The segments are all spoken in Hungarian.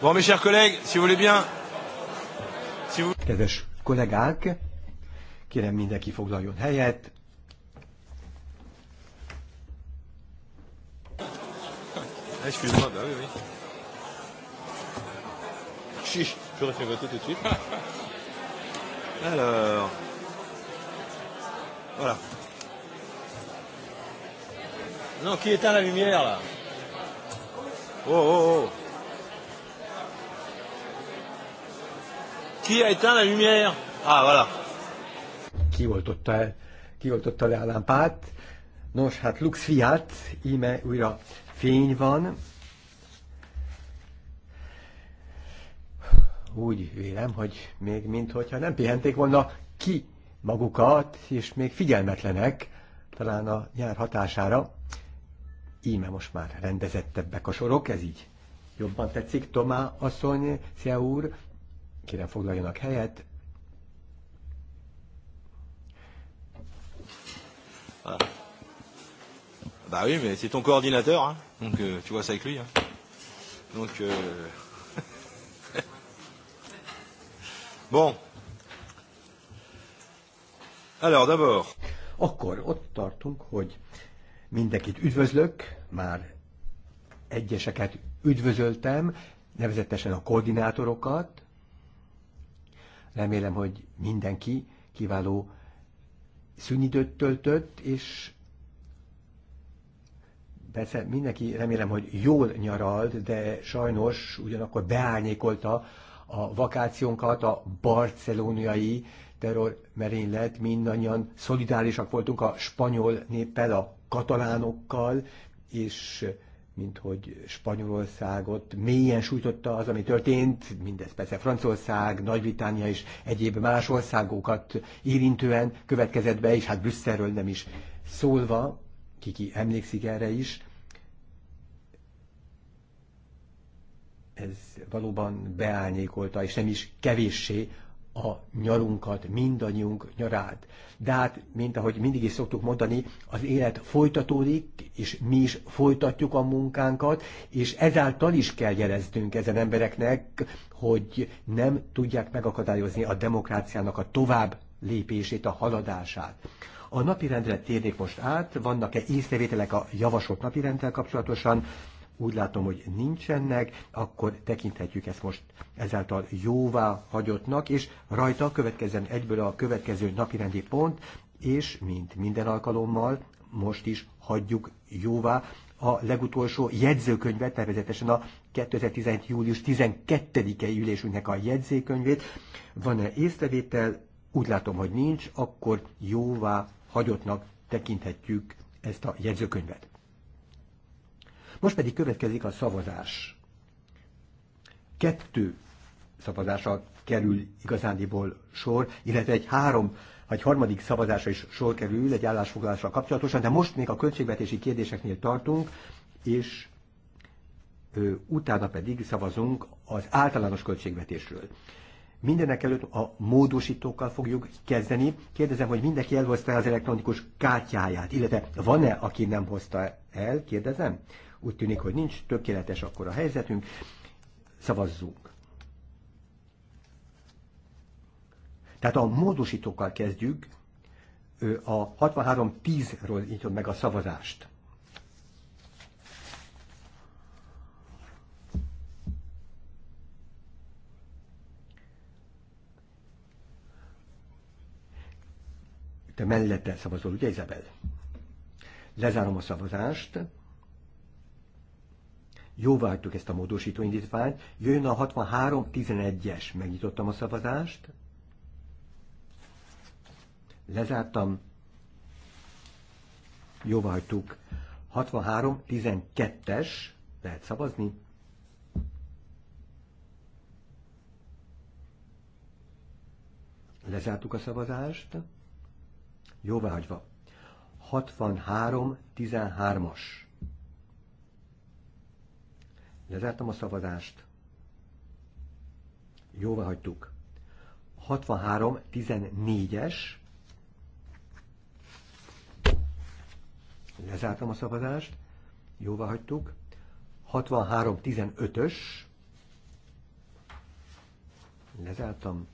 Bon, mes chers collègues, si vous voulez bien, si vous... Kedves kollégák, kérem mindenki foglaljon helyet. Ah, excuse-moi, bah oui, oui. Chiche, je refais voter tout de suite. Alors, voilà. Non, qui éteint la lumière là Oh, oh, oh Ki a éteint la lumière? Ah, voilà. Kioltotta, kioltotta le a lámpát. Nos, hát Lux fiát, íme újra fény van. Úgy vélem, hogy még minthogyha nem pihenték volna ki magukat, és még figyelmetlenek, talán a nyár hatására. Íme most már rendezettebbek a sorok, ez így jobban tetszik. Tomá asszony, szia úr, Kérem foglaljanak helyet. Ah. Bah oui, mais c'est ton coordinateur, hein. donc euh, tu vois ça avec lui. Hein. Donc euh... bon. Alors d'abord. Akkor ott tartunk, hogy mindenkit üdvözlök, már egyeseket üdvözöltem, nevezetesen a koordinátorokat, Remélem, hogy mindenki kiváló szünidőt töltött, és persze mindenki remélem, hogy jól nyaralt, de sajnos ugyanakkor beárnyékolta a vakációnkat a barcelóniai terrormerénylet, mindannyian szolidálisak voltunk a spanyol néppel, a katalánokkal, és mint hogy Spanyolországot mélyen sújtotta az, ami történt, mindez persze Franciaország, Nagy-Britannia és egyéb más országokat érintően következett be, és hát Brüsszelről nem is szólva, kiki emlékszik erre is, ez valóban beányékolta, és nem is kevéssé a nyarunkat, mindannyiunk nyarát. De hát, mint ahogy mindig is szoktuk mondani, az élet folytatódik, és mi is folytatjuk a munkánkat, és ezáltal is kell jeleznünk ezen embereknek, hogy nem tudják megakadályozni a demokráciának a tovább lépését, a haladását. A napirendre térnék most át, vannak-e észrevételek a javasolt napirendtel kapcsolatosan, úgy látom, hogy nincsenek, akkor tekinthetjük ezt most ezáltal jóvá hagyottnak, és rajta következzen egyből a következő napirendi pont, és mint minden alkalommal most is hagyjuk jóvá a legutolsó jegyzőkönyvet, nevezetesen a 2017. július 12 i ülésünknek a jegyzőkönyvét. Van-e észrevétel? Úgy látom, hogy nincs, akkor jóvá hagyottnak tekinthetjük ezt a jegyzőkönyvet. Most pedig következik a szavazás. Kettő szavazásra kerül igazándiból sor, illetve egy három vagy harmadik szavazásra is sor kerül egy állásfoglalással kapcsolatosan, de most még a költségvetési kérdéseknél tartunk, és ö, utána pedig szavazunk az általános költségvetésről. Mindenek előtt a módosítókkal fogjuk kezdeni. Kérdezem, hogy mindenki elhozta az elektronikus kártyáját, illetve van-e, aki nem hozta el? Kérdezem. Úgy tűnik, hogy nincs tökéletes akkor a helyzetünk. Szavazzunk. Tehát a módosítókkal kezdjük. A 6310 ról nyitom meg a szavazást. Te mellette szavazol, ugye Izabel? Lezárom a szavazást jóváhagytuk ezt a módosító indítványt, Jön a 63 es megnyitottam a szavazást, lezártam, jóváhagytuk 63-12-es, lehet szavazni, lezártuk a szavazást, jóváhagyva 63-13-as. Lezártam a szavazást. Jóvá hagytuk. 63-14-es. Lezártam a szavazást. Jóvá hagytuk. 63-15-ös. Lezártam.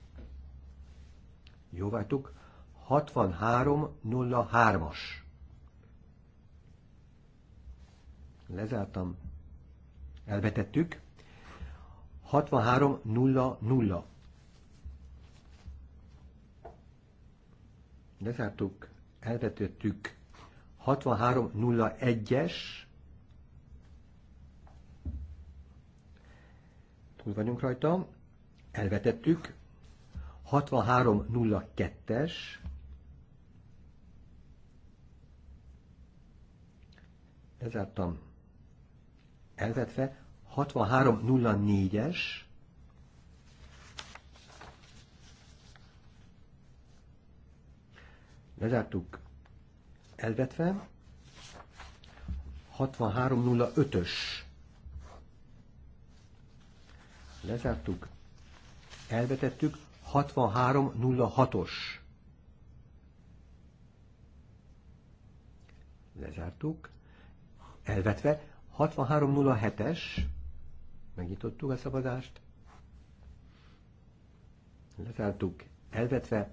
Jóvá hagytuk. 63-03-as. Lezártam elvetettük. 63.00. Lezártuk, elvetettük. 6301 es Túl vagyunk rajta. Elvetettük. 6302 es Lezártam elvetve, 6304-es, lezártuk, elvetve, 6305-ös, lezártuk, elvetettük, 6306-os, lezártuk, elvetve, 6307-es, megnyitottuk a szavazást, lezártuk, elvetve,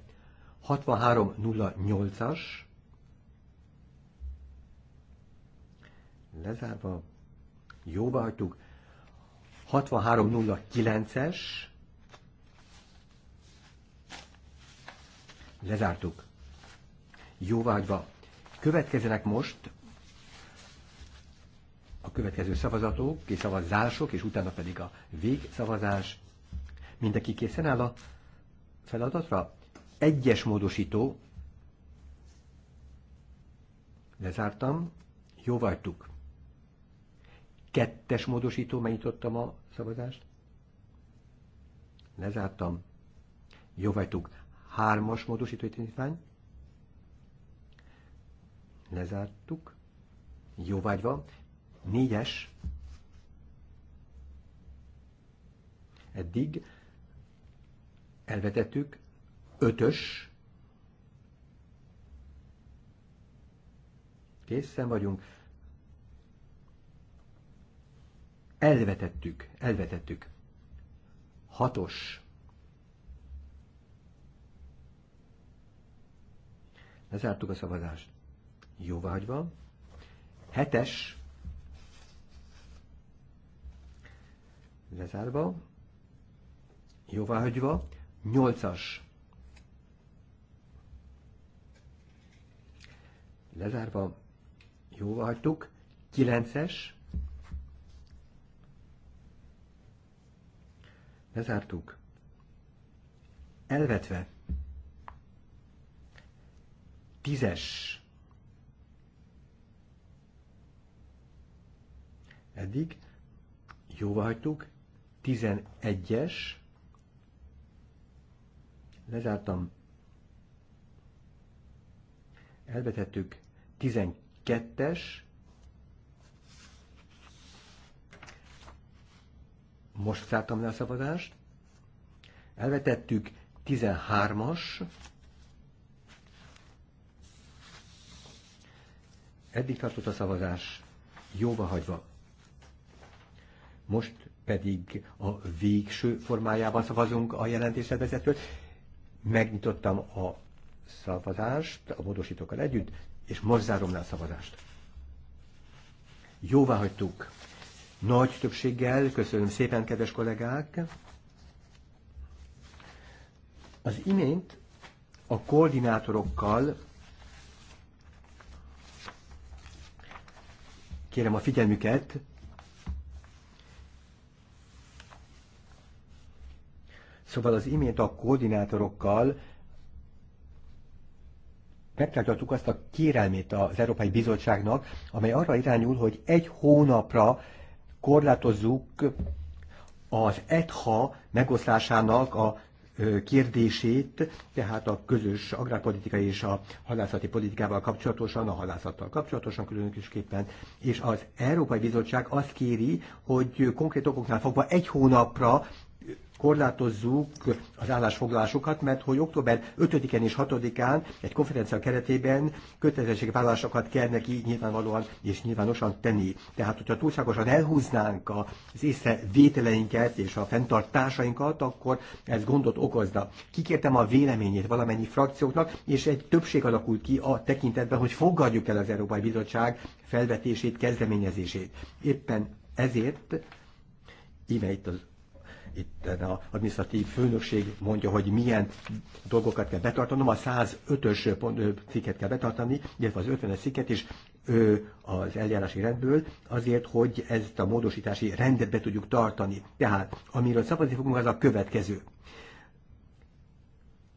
6308-as, lezárva, jóba hagytuk, 6309-es, lezártuk, jóvágyva. Következenek most a következő szavazatok és szavazások, és utána pedig a végszavazás. Mindenki készen áll a feladatra? Egyes módosító. Lezártam. Jó vagytuk. Kettes módosító, megnyitottam a szavazást. Lezártam. Jó vagytuk. Hármas módosító tanítvány. Lezártuk. van négyes eddig elvetettük, ötös, készen vagyunk, elvetettük, elvetettük, hatos, lezártuk a szavazást, jóváhagyva, hetes, lezárva, jóváhagyva, nyolcas. lezárva, jóváhagytuk, kilences, lezártuk, elvetve, tízes. eddig, jóvá hagytuk, 11-es, lezártam, elvetettük 12-es, most zártam le a szabadást, elvetettük 13-as, eddig tartott a szavazás, jóba hagyva. Most pedig a végső formájában szavazunk a jelentéstervezetről. Megnyitottam a szavazást a módosítókkal együtt, és most zárom le a szavazást. Jóvá hagytuk. Nagy többséggel, köszönöm szépen, kedves kollégák. Az imént a koordinátorokkal kérem a figyelmüket, Szóval az imént a koordinátorokkal megtartottuk azt a kérelmét az Európai Bizottságnak, amely arra irányul, hogy egy hónapra korlátozzuk az ETHA megoszlásának a kérdését, tehát a közös agrárpolitika és a halászati politikával kapcsolatosan, a halászattal kapcsolatosan különösképpen, és az Európai Bizottság azt kéri, hogy konkrét okoknál fogva egy hónapra korlátozzuk az állásfoglalásokat, mert hogy október 5 én és 6-án egy konferencia keretében kötelezettségvállalásokat kell neki nyilvánvalóan és nyilvánosan tenni. Tehát, hogyha túlságosan elhúznánk az észrevételeinket és a fenntartásainkat, akkor ez gondot okozna. Kikértem a véleményét valamennyi frakcióknak, és egy többség alakult ki a tekintetben, hogy fogadjuk el az Európai Bizottság felvetését, kezdeményezését. Éppen ezért íme itt az itt a administratív főnökség mondja, hogy milyen dolgokat kell betartanom, a 105-ös cikket kell betartani, illetve az 50-es cikket is az eljárási rendből, azért, hogy ezt a módosítási rendet be tudjuk tartani. Tehát, amiről szavazni fogunk, az a következő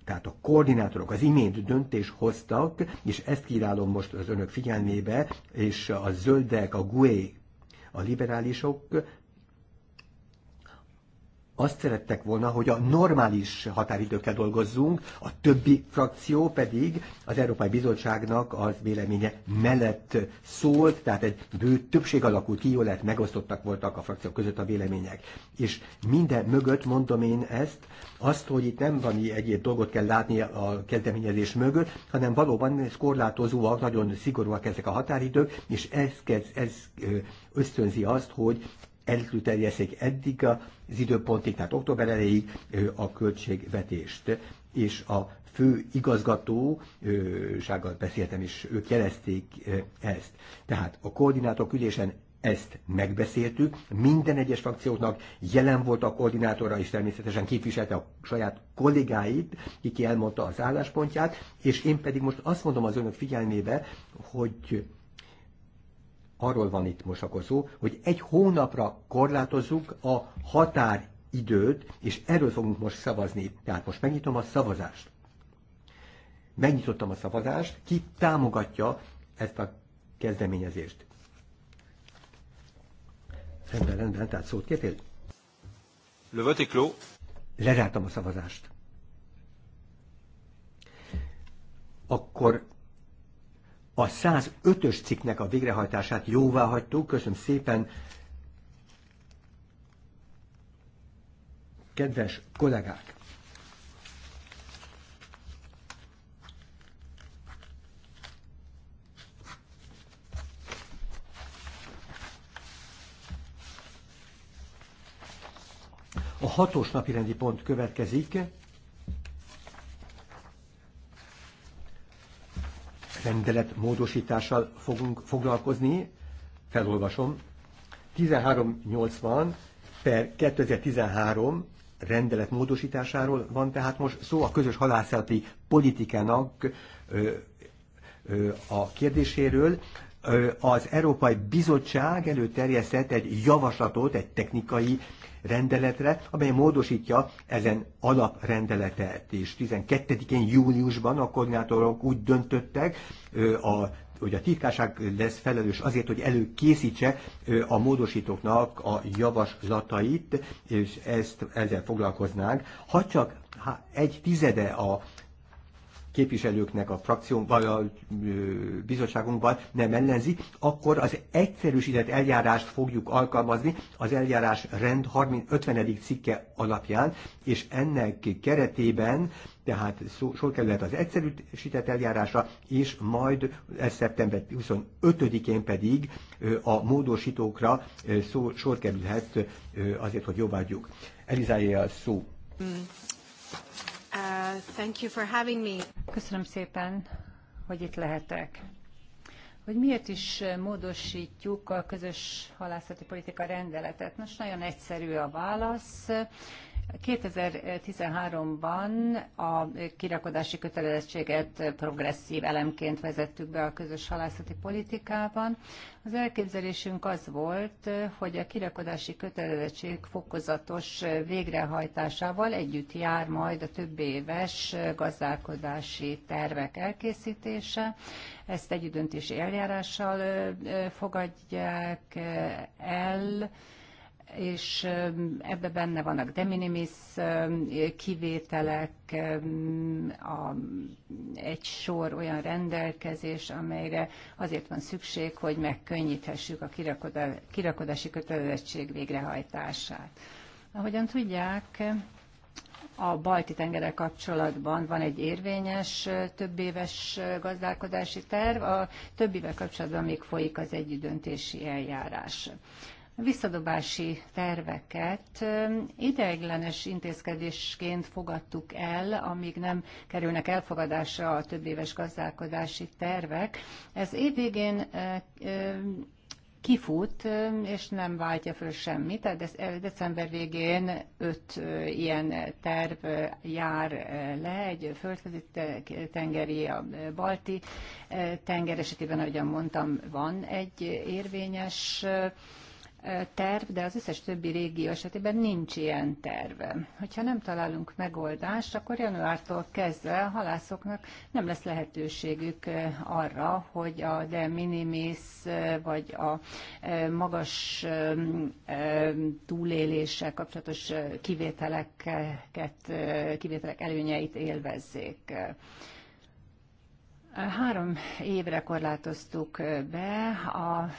tehát a koordinátorok az imént döntés hoztak, és ezt kírálom most az önök figyelmébe, és a zöldek, a GUE, a liberálisok azt szerettek volna, hogy a normális határidőkkel dolgozzunk, a többi frakció pedig az Európai Bizottságnak az véleménye mellett szólt, tehát egy bő többség alakult ki, jól lehet megosztottak voltak a frakciók között a vélemények. És minden mögött mondom én ezt, azt, hogy itt nem valami egyéb dolgot kell látni a kezdeményezés mögött, hanem valóban ez korlátozóak, nagyon szigorúak ezek a határidők, és ez, ez, ez ösztönzi azt, hogy elterjesszék eddig az időpontig, tehát október elejéig a költségvetést. És a fő igazgató beszéltem, és ők jelezték ezt. Tehát a koordinátor ülésen ezt megbeszéltük, minden egyes frakcióknak jelen volt a koordinátora, és természetesen képviselte a saját kollégáit, kiki elmondta az álláspontját, és én pedig most azt mondom az önök figyelmébe, hogy arról van itt most akkor szó, hogy egy hónapra korlátozzuk a határidőt, és erről fogunk most szavazni. Tehát most megnyitom a szavazást. Megnyitottam a szavazást, ki támogatja ezt a kezdeményezést. Rendben, rendben, tehát szót kértél? Le Lezártam a szavazást. Akkor a 105-ös cikknek a végrehajtását jóvá hagytuk, köszönöm szépen. Kedves kollégák! A hatos napirendi pont következik. rendelet módosítással fogunk foglalkozni. Felolvasom. 1380 per 2013 rendelet módosításáról van tehát most szó a közös halászati politikának ö, ö, a kérdéséről az Európai Bizottság előterjesztett egy javaslatot, egy technikai rendeletre, amely módosítja ezen alaprendeletet. És 12-én júniusban a koordinátorok úgy döntöttek, a, hogy a titkárság lesz felelős azért, hogy előkészítse a módosítóknak a javaslatait, és ezt ezzel foglalkoznánk. Ha csak egy tizede a képviselőknek a frakción, vagy a bizottságunkban nem ellenzi, akkor az egyszerűsített eljárást fogjuk alkalmazni az eljárás rend 30, 50. cikke alapján, és ennek keretében tehát sor kerülhet az egyszerűsített eljárásra, és majd szeptember 25-én pedig a módosítókra sor kerülhet azért, hogy jobbágyjuk. Elizája a szó. Mm. Uh, thank you for having me. Köszönöm szépen, hogy itt lehetek. Hogy miért is módosítjuk a közös halászati politika rendeletet? Most nagyon egyszerű a válasz 2013-ban a kirakodási kötelezettséget progresszív elemként vezettük be a közös halászati politikában. Az elképzelésünk az volt, hogy a kirakodási kötelezettség fokozatos végrehajtásával együtt jár majd a több éves gazdálkodási tervek elkészítése. Ezt együttdöntési eljárással fogadják el, és ebbe benne vannak de minimis kivételek, a, egy sor olyan rendelkezés, amelyre azért van szükség, hogy megkönnyíthessük a kirakodási kötelezettség végrehajtását. Ahogyan tudják, a balti tengerrel kapcsolatban van egy érvényes többéves gazdálkodási terv, a többivel kapcsolatban még folyik az együttdöntési eljárás visszadobási terveket ideiglenes intézkedésként fogadtuk el, amíg nem kerülnek elfogadásra a több éves gazdálkodási tervek. Ez évvégén kifut, és nem váltja föl semmit. Tehát december végén öt ilyen terv jár le, egy földközi tengeri, a balti tenger esetében, ahogyan mondtam, van egy érvényes terv, de az összes többi régió esetében nincs ilyen terv. Hogyha nem találunk megoldást, akkor januártól kezdve a halászoknak nem lesz lehetőségük arra, hogy a de minimis vagy a magas túléléssel kapcsolatos kivételeket, kivételek előnyeit élvezzék. Három évre korlátoztuk be a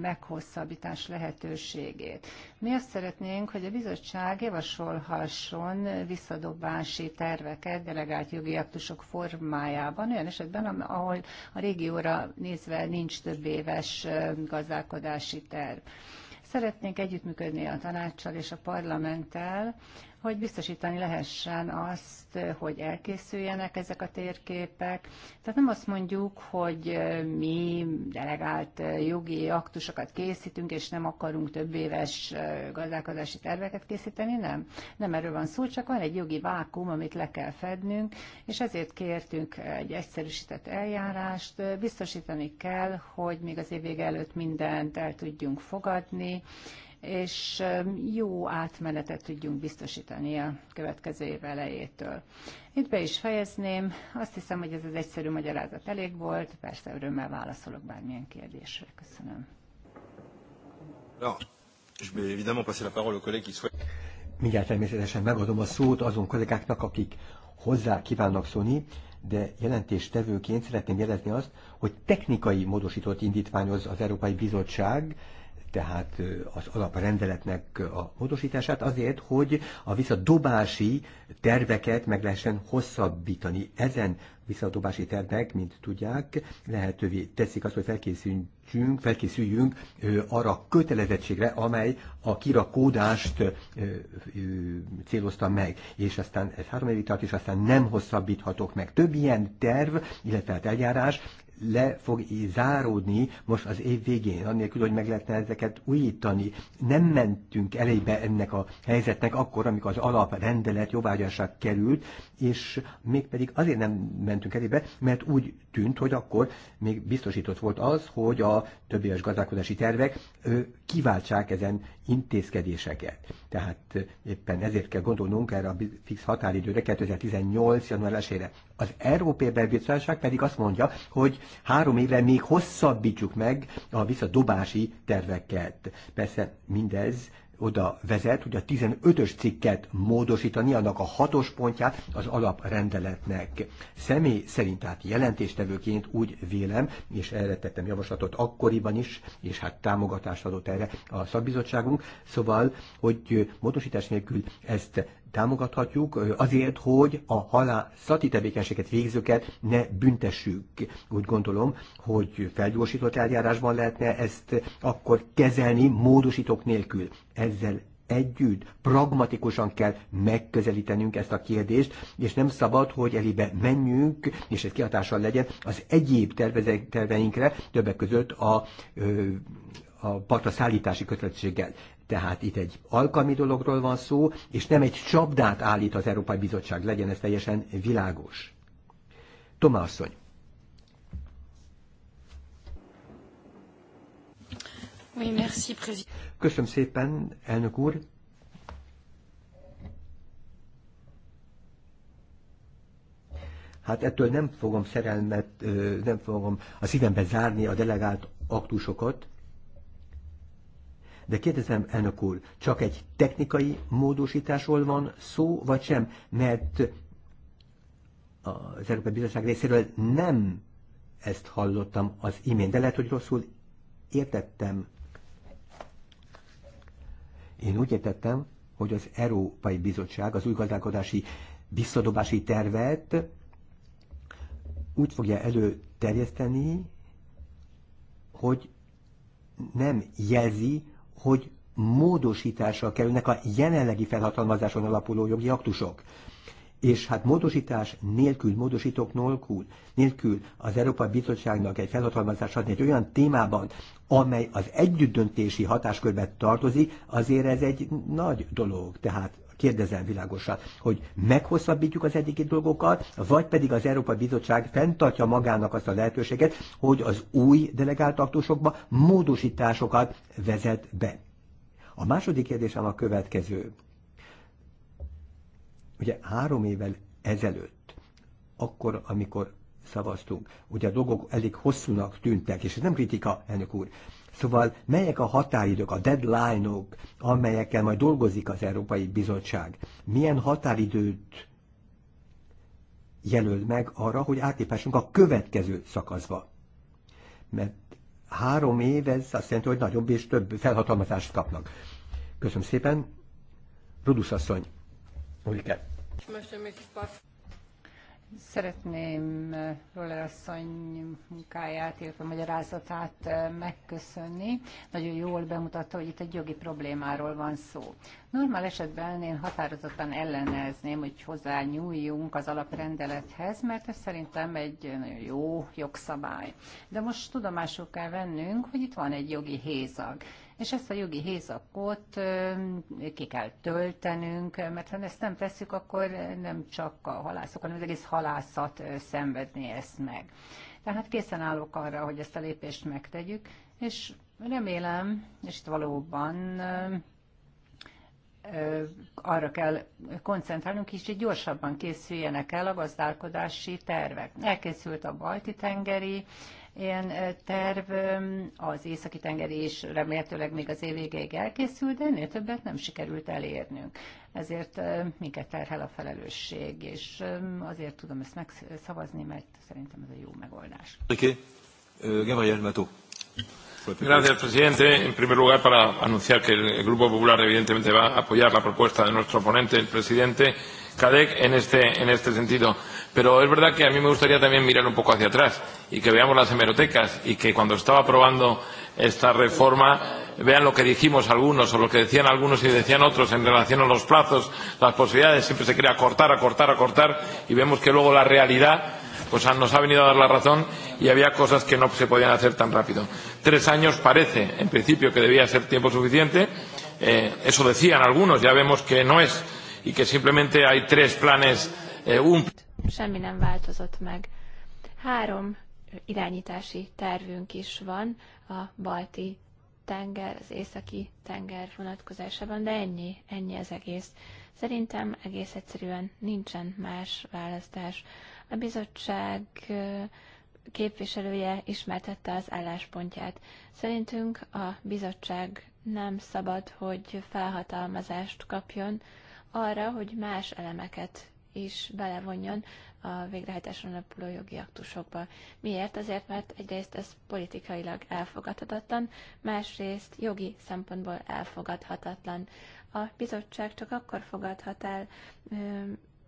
meghosszabbítás lehetőségét. Mi azt szeretnénk, hogy a bizottság javasolhasson visszadobási terveket delegált jogi aktusok formájában, olyan esetben, ahol a régióra nézve nincs több éves gazdálkodási terv. Szeretnénk együttműködni a tanácssal és a parlamenttel, hogy biztosítani lehessen azt, hogy elkészüljenek ezek a térképek. Tehát nem azt mondjuk, hogy mi delegált jogi aktusokat készítünk, és nem akarunk több éves gazdálkodási terveket készíteni, nem. Nem erről van szó, csak van egy jogi vákum, amit le kell fednünk, és ezért kértünk egy egyszerűsített eljárást. Biztosítani kell, hogy még az év előtt mindent el tudjunk fogadni, és um, jó átmenetet tudjunk biztosítani a következő év elejétől. Itt be is fejezném. Azt hiszem, hogy ez az egyszerű magyarázat elég volt. Persze örömmel válaszolok bármilyen kérdésre. Köszönöm. Mindjárt természetesen megadom a szót azon kollégáknak, akik hozzá kívánnak szólni, de jelentéstevőként szeretném jelezni azt, hogy technikai módosítót indítványoz az Európai Bizottság, tehát az alaprendeletnek a módosítását azért, hogy a visszadobási terveket meg lehessen hosszabbítani. Ezen visszadobási tervek, mint tudják, lehetővé teszik azt, hogy felkészüljünk, felkészüljünk arra kötelezettségre, amely a kirakódást célozta meg, és aztán ez három évig tart, és aztán nem hosszabbíthatok meg. Több ilyen terv, illetve hát eljárás le fog záródni most az év végén, annélkül, hogy meg lehetne ezeket újítani. Nem mentünk elébe ennek a helyzetnek akkor, amikor az alaprendelet jóvágyásra került, és mégpedig azért nem mentünk elébe, mert úgy tűnt, hogy akkor még biztosított volt az, hogy a többéves gazdálkodási tervek kiváltsák ezen intézkedéseket. Tehát éppen ezért kell gondolnunk erre a fix határidőre, 2018. január 1 Az Európai Belbíróság pedig azt mondja, hogy három évre még hosszabbítsuk meg a visszadobási terveket. Persze mindez oda vezet, hogy a 15-ös cikket módosítani, annak a hatos pontját az alaprendeletnek. Személy szerint, tehát jelentéstevőként úgy vélem, és erre tettem javaslatot akkoriban is, és hát támogatást adott erre a szakbizottságunk, szóval, hogy módosítás nélkül ezt támogathatjuk azért, hogy a halászati tevékenységet végzőket ne büntessük. Úgy gondolom, hogy felgyorsított eljárásban lehetne ezt akkor kezelni módosítók nélkül. Ezzel együtt, pragmatikusan kell megközelítenünk ezt a kérdést, és nem szabad, hogy elébe menjünk, és ez kihatással legyen az egyéb terveinkre, többek között a, a partra szállítási kötelezettséggel. Tehát itt egy alkalmi dologról van szó, és nem egy csapdát állít az Európai Bizottság, legyen ez teljesen világos. Tomá asszony. Köszönöm szépen, elnök úr. Hát ettől nem fogom szerelmet, nem fogom a szívembe zárni a delegált aktusokat, de kérdezem, elnök úr, csak egy technikai módosításról van szó, vagy sem? Mert az Európai Bizottság részéről nem ezt hallottam az imént, de lehet, hogy rosszul értettem. Én úgy értettem, hogy az Európai Bizottság az új gazdálkodási visszadobási tervet úgy fogja előterjeszteni, hogy nem jelzi, hogy módosításra kerülnek a jelenlegi felhatalmazáson alapuló jogi aktusok. És hát módosítás nélkül, módosítók nélkül, nélkül az Európa Bizottságnak egy felhatalmazás adni egy olyan témában, amely az együttdöntési hatáskörbe tartozik, azért ez egy nagy dolog. Tehát kérdezem világosan, hogy meghosszabbítjuk az eddigi dolgokat, vagy pedig az Európai Bizottság fenntartja magának azt a lehetőséget, hogy az új delegált aktusokba módosításokat vezet be. A második kérdésem a következő. Ugye három évvel ezelőtt, akkor, amikor szavaztunk, ugye a dolgok elég hosszúnak tűntek, és ez nem kritika, elnök úr, Szóval melyek a határidők, a deadline-ok, -ok, amelyekkel majd dolgozik az Európai Bizottság? Milyen határidőt jelöl meg arra, hogy átlépessünk a következő szakaszba? Mert három év, ez azt jelenti, hogy nagyobb és több felhatalmazást kapnak. Köszönöm szépen. Rudusz asszony. Ulrike. Köszönöm, Szeretném eh, Roller asszony munkáját, illetve magyarázatát eh, megköszönni. Nagyon jól bemutatta, hogy itt egy jogi problémáról van szó. Normál esetben én határozottan ellenezném, hogy hozzányúljunk az alaprendelethez, mert ez szerintem egy nagyon jó jogszabály. De most tudomásul kell vennünk, hogy itt van egy jogi hézag és ezt a jogi hézakot ki kell töltenünk, mert ha ezt nem tesszük, akkor nem csak a halászok, hanem az egész halászat szenvedné ezt meg. Tehát készen állok arra, hogy ezt a lépést megtegyük, és remélem, és itt valóban arra kell koncentrálnunk, így gyorsabban készüljenek el a gazdálkodási tervek. Elkészült a balti tengeri ilyen terv az északi tenger is remélhetőleg még az év végéig elkészül, de ennél többet nem sikerült elérnünk. Ezért minket terhel a felelősség, és azért tudom ezt megszavazni, mert szerintem ez a jó megoldás. Okay. Gabriel Gracias, presidente. En primer lugar, para anunciar que el Grupo Popular evidentemente va a apoyar la propuesta de nuestro ponente, el presidente Cadec, en este, en este sentido. Pero es verdad que a mí me gustaría también mirar un poco hacia atrás y que veamos las hemerotecas y que cuando estaba aprobando esta reforma vean lo que dijimos algunos o lo que decían algunos y decían otros en relación a los plazos, las posibilidades, siempre se quiere acortar, acortar, acortar y vemos que luego la realidad pues ah, nos ha venido a dar la razón y había cosas que no se podían hacer tan rápido. Tres años parece, en principio, que debía ser tiempo suficiente. Eh, eso decían algunos, ya vemos que no es y que simplemente hay tres planes. Eh, un... Semmi nem változott meg. Három irányítási tervünk is van a balti tenger, az északi tenger vonatkozásában, de ennyi, ennyi az egész. Szerintem egész egyszerűen nincsen más választás. A bizottság képviselője ismertette az álláspontját. Szerintünk a bizottság nem szabad, hogy felhatalmazást kapjon arra, hogy más elemeket is belevonjon a végrehajtáson alapuló jogi aktusokba. Miért? Azért, mert egyrészt ez politikailag elfogadhatatlan, másrészt jogi szempontból elfogadhatatlan. A bizottság csak akkor fogadhat el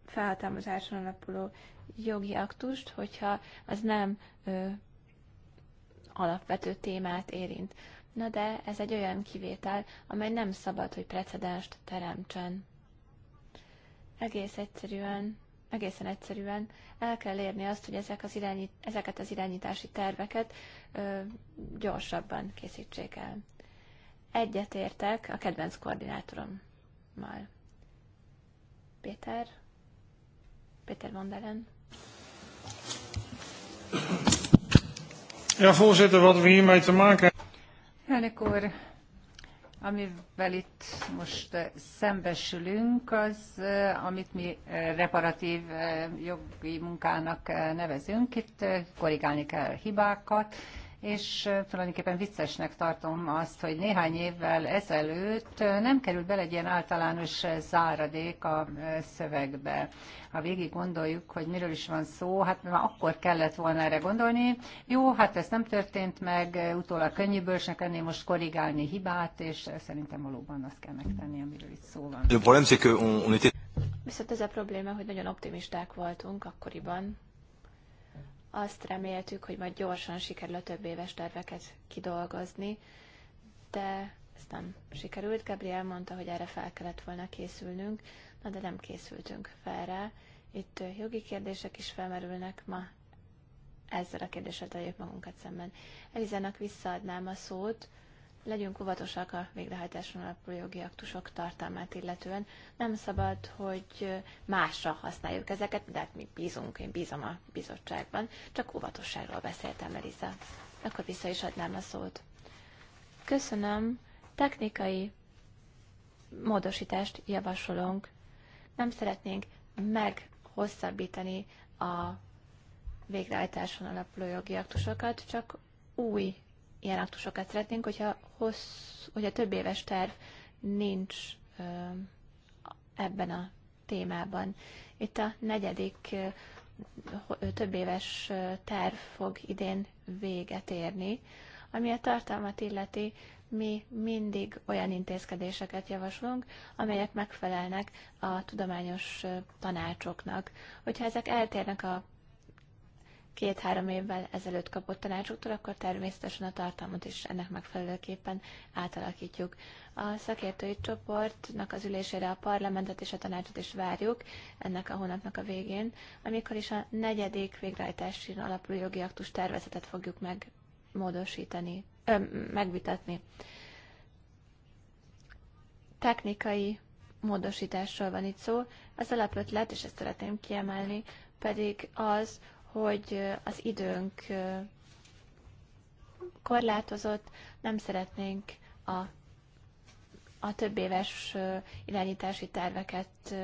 felhatalmazáson alapuló jogi aktust, hogyha az nem ö, alapvető témát érint. Na de ez egy olyan kivétel, amely nem szabad, hogy precedenst teremtsen. Egész egyszerűen egészen egyszerűen el kell érni azt, hogy ezek az irányít, ezeket az irányítási terveket ö, gyorsabban készítsék el. Egyetértek a kedvenc koordinátorommal. Péter? Péter Mondelen? Ja, voorzitter, wat we hiermee te maken hebben. Elnök úr, Amivel itt most eh, szembesülünk, az, eh, amit mi eh, reparatív jogi munkának nevezünk, itt korrigálni kell hibákat, és tulajdonképpen viccesnek tartom azt, hogy néhány évvel ezelőtt nem került bele egy ilyen általános záradék a szövegbe. Ha végig gondoljuk, hogy miről is van szó, hát már akkor kellett volna erre gondolni. Jó, hát ez nem történt meg, utólag se lenni most korrigálni hibát, és szerintem valóban azt kell megtenni, amiről itt szó van. Viszont ez a probléma, hogy nagyon optimisták voltunk akkoriban, azt reméltük, hogy majd gyorsan sikerül a több éves terveket kidolgozni, de ez nem sikerült. Gabriel mondta, hogy erre fel kellett volna készülnünk, na de nem készültünk fel rá. Itt jogi kérdések is felmerülnek ma. Ezzel a kérdéssel találjuk magunkat szemben. Elizának visszaadnám a szót, legyünk óvatosak a végrehajtáson alapuló jogi aktusok tartalmát illetően. Nem szabad, hogy másra használjuk ezeket, de hát mi bízunk, én bízom a bizottságban. Csak óvatosságról beszéltem, Eliza. Akkor vissza is adnám a szót. Köszönöm. Technikai módosítást javasolunk. Nem szeretnénk meghosszabbítani a végrehajtáson alapuló jogi aktusokat, csak új ilyen aktusokat szeretnénk, hogyha, hossz, hogyha több éves terv nincs ö, ebben a témában. Itt a negyedik ö, több éves terv fog idén véget érni. Ami a tartalmat illeti, mi mindig olyan intézkedéseket javaslunk, amelyek megfelelnek a tudományos tanácsoknak. Hogyha ezek eltérnek a két-három évvel ezelőtt kapott tanácsoktól, akkor természetesen a tartalmat is ennek megfelelőképpen átalakítjuk. A szakértői csoportnak az ülésére a parlamentet és a tanácsot is várjuk ennek a hónapnak a végén, amikor is a negyedik végrehajtási alapú jogi aktus tervezetet fogjuk megmódosítani, ö, megvitatni. Technikai módosításról van itt szó. Az alapötlet, és ezt szeretném kiemelni, pedig az, hogy az időnk korlátozott, nem szeretnénk a, a több éves irányítási terveket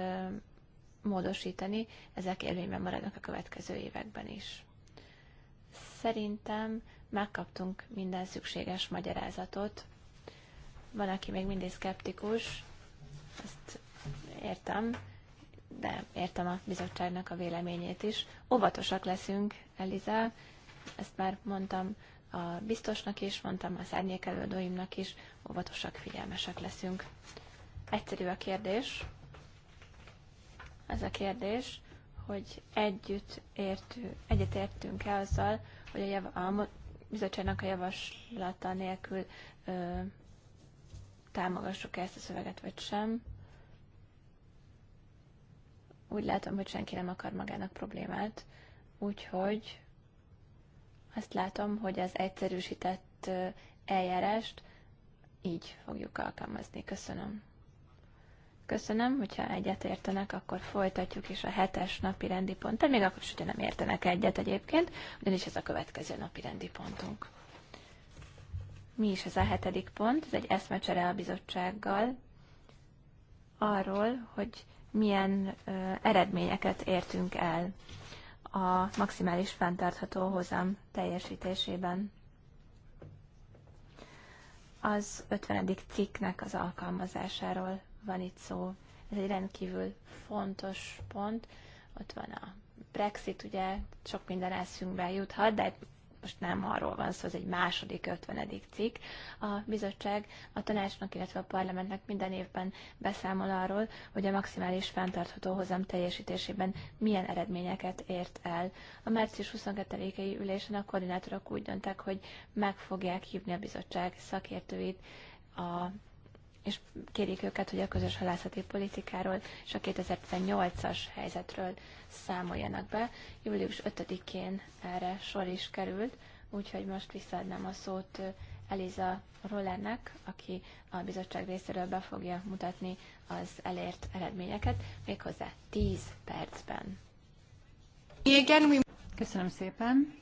módosítani, ezek érvényben maradnak a következő években is. Szerintem megkaptunk minden szükséges magyarázatot. Van, aki még mindig szkeptikus, ezt értem, de értem a bizottságnak a véleményét is. Óvatosak leszünk, Eliza, ezt már mondtam a biztosnak is, mondtam az árnyékelődőimnak is, óvatosak, figyelmesek leszünk. Egyszerű a kérdés. Ez a kérdés, hogy együtt értő, egyetértünk-e azzal, hogy a, jav, a bizottságnak a javaslata nélkül ö, támogassuk -e ezt a szöveget, vagy sem. Úgy látom, hogy senki nem akar magának problémát, úgyhogy azt látom, hogy az egyszerűsített eljárást így fogjuk alkalmazni. Köszönöm. Köszönöm, hogyha egyet értenek, akkor folytatjuk is a hetes napi rendi ponttal, még akkor is, hogyha nem értenek egyet egyébként, ugyanis ez a következő napi rendi pontunk. Mi is ez a hetedik pont? Ez egy eszmecsere a bizottsággal arról, hogy milyen eredményeket értünk el a maximális fenntartható hozam teljesítésében. Az 50. cikknek az alkalmazásáról van itt szó. Ez egy rendkívül fontos pont. Ott van a Brexit, ugye sok minden eszünkbe juthat, de most nem arról van szó, ez egy második, ötvenedik cikk. A bizottság a tanácsnak, illetve a parlamentnek minden évben beszámol arról, hogy a maximális fenntartható hozam teljesítésében milyen eredményeket ért el. A március 22-i ülésen a koordinátorok úgy döntek, hogy meg fogják hívni a bizottság szakértőit a és kérik őket, hogy a közös halászati politikáról és a 2018-as helyzetről számoljanak be. Július 5-én erre sor is került, úgyhogy most visszaadnám a szót Eliza Rollernek, aki a bizottság részéről be fogja mutatni az elért eredményeket, méghozzá 10 percben. Köszönöm szépen.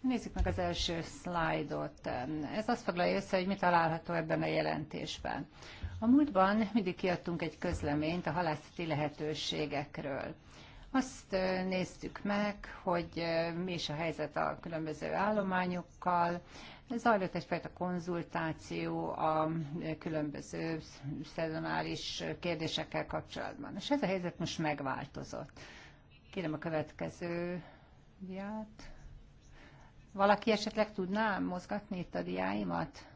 Nézzük meg az első szlájdot. Ez azt foglalja össze, hogy mi található ebben a jelentésben. A múltban mindig kiadtunk egy közleményt a halászati lehetőségekről. Azt néztük meg, hogy mi is a helyzet a különböző állományokkal. Zajlott egyfajta konzultáció a különböző szezonális kérdésekkel kapcsolatban. És ez a helyzet most megváltozott. Kérem a következő diát. Valaki esetleg tudná mozgatni itt a diáimat?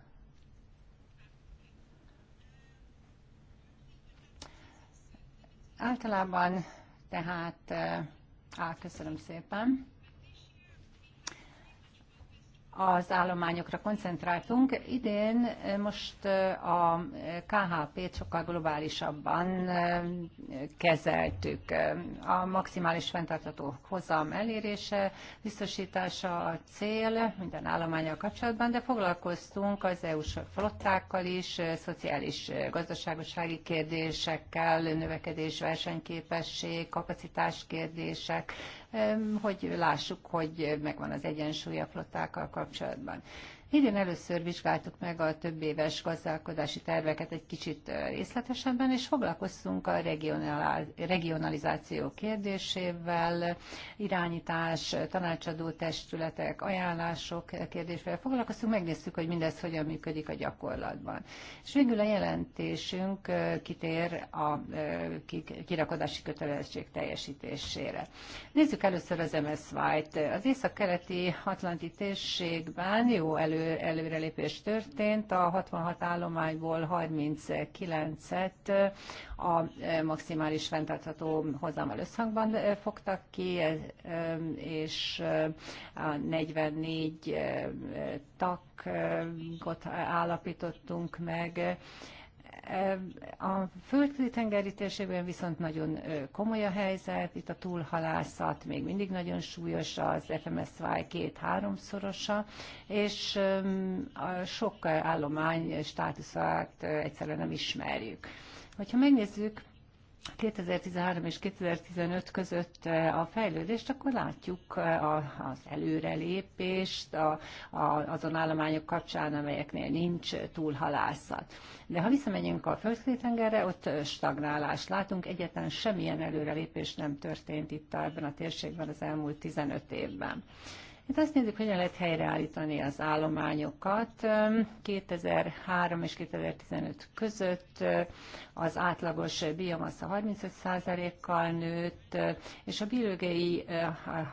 Általában tehát, eh, á, köszönöm szépen az állományokra koncentráltunk. Idén most a khp sokkal globálisabban kezeltük. A maximális fenntartható hozam elérése, biztosítása a cél minden állományjal kapcsolatban, de foglalkoztunk az EU-s flottákkal is, szociális gazdaságosági kérdésekkel, növekedés, versenyképesség, kapacitás kérdések, hogy lássuk, hogy megvan az egyensúly a flottákkal kapcsolatban. Idén először vizsgáltuk meg a több éves gazdálkodási terveket egy kicsit részletesebben, és foglalkoztunk a regionalizáció kérdésével, irányítás, tanácsadó testületek, ajánlások kérdésével foglalkoztunk, megnéztük, hogy mindez hogyan működik a gyakorlatban. És végül a jelentésünk kitér a kirakodási kötelezettség teljesítésére. Nézzük először az MS t Az észak-keleti Atlanti térségben jó elő elő, előrelépés történt. A 66 állományból 39-et a e, maximális fenntartható hozammal összhangban e, fogtak ki, e, és a 44 tagot állapítottunk meg, a földközi tengeri térségben viszont nagyon komoly a helyzet, itt a túlhalászat még mindig nagyon súlyos, az FMSY két-háromszorosa, és a sok állomány státuszát egyszerűen nem ismerjük. Hogyha megnézzük 2013 és 2015 között eh, a fejlődést, akkor látjuk eh, az előrelépést azon állományok kapcsán, amelyeknél nincs túlhalászat. De ha visszamegyünk a földközi ott eh, stagnálást látunk, egyetlen semmilyen előrelépés nem történt itt ebben a térségben az elmúlt 15 évben. Itt hát azt nézzük, hogyan lehet helyreállítani az állományokat. 2003 és 2015 között az átlagos biomassa 35%-kal nőtt, és a biológiai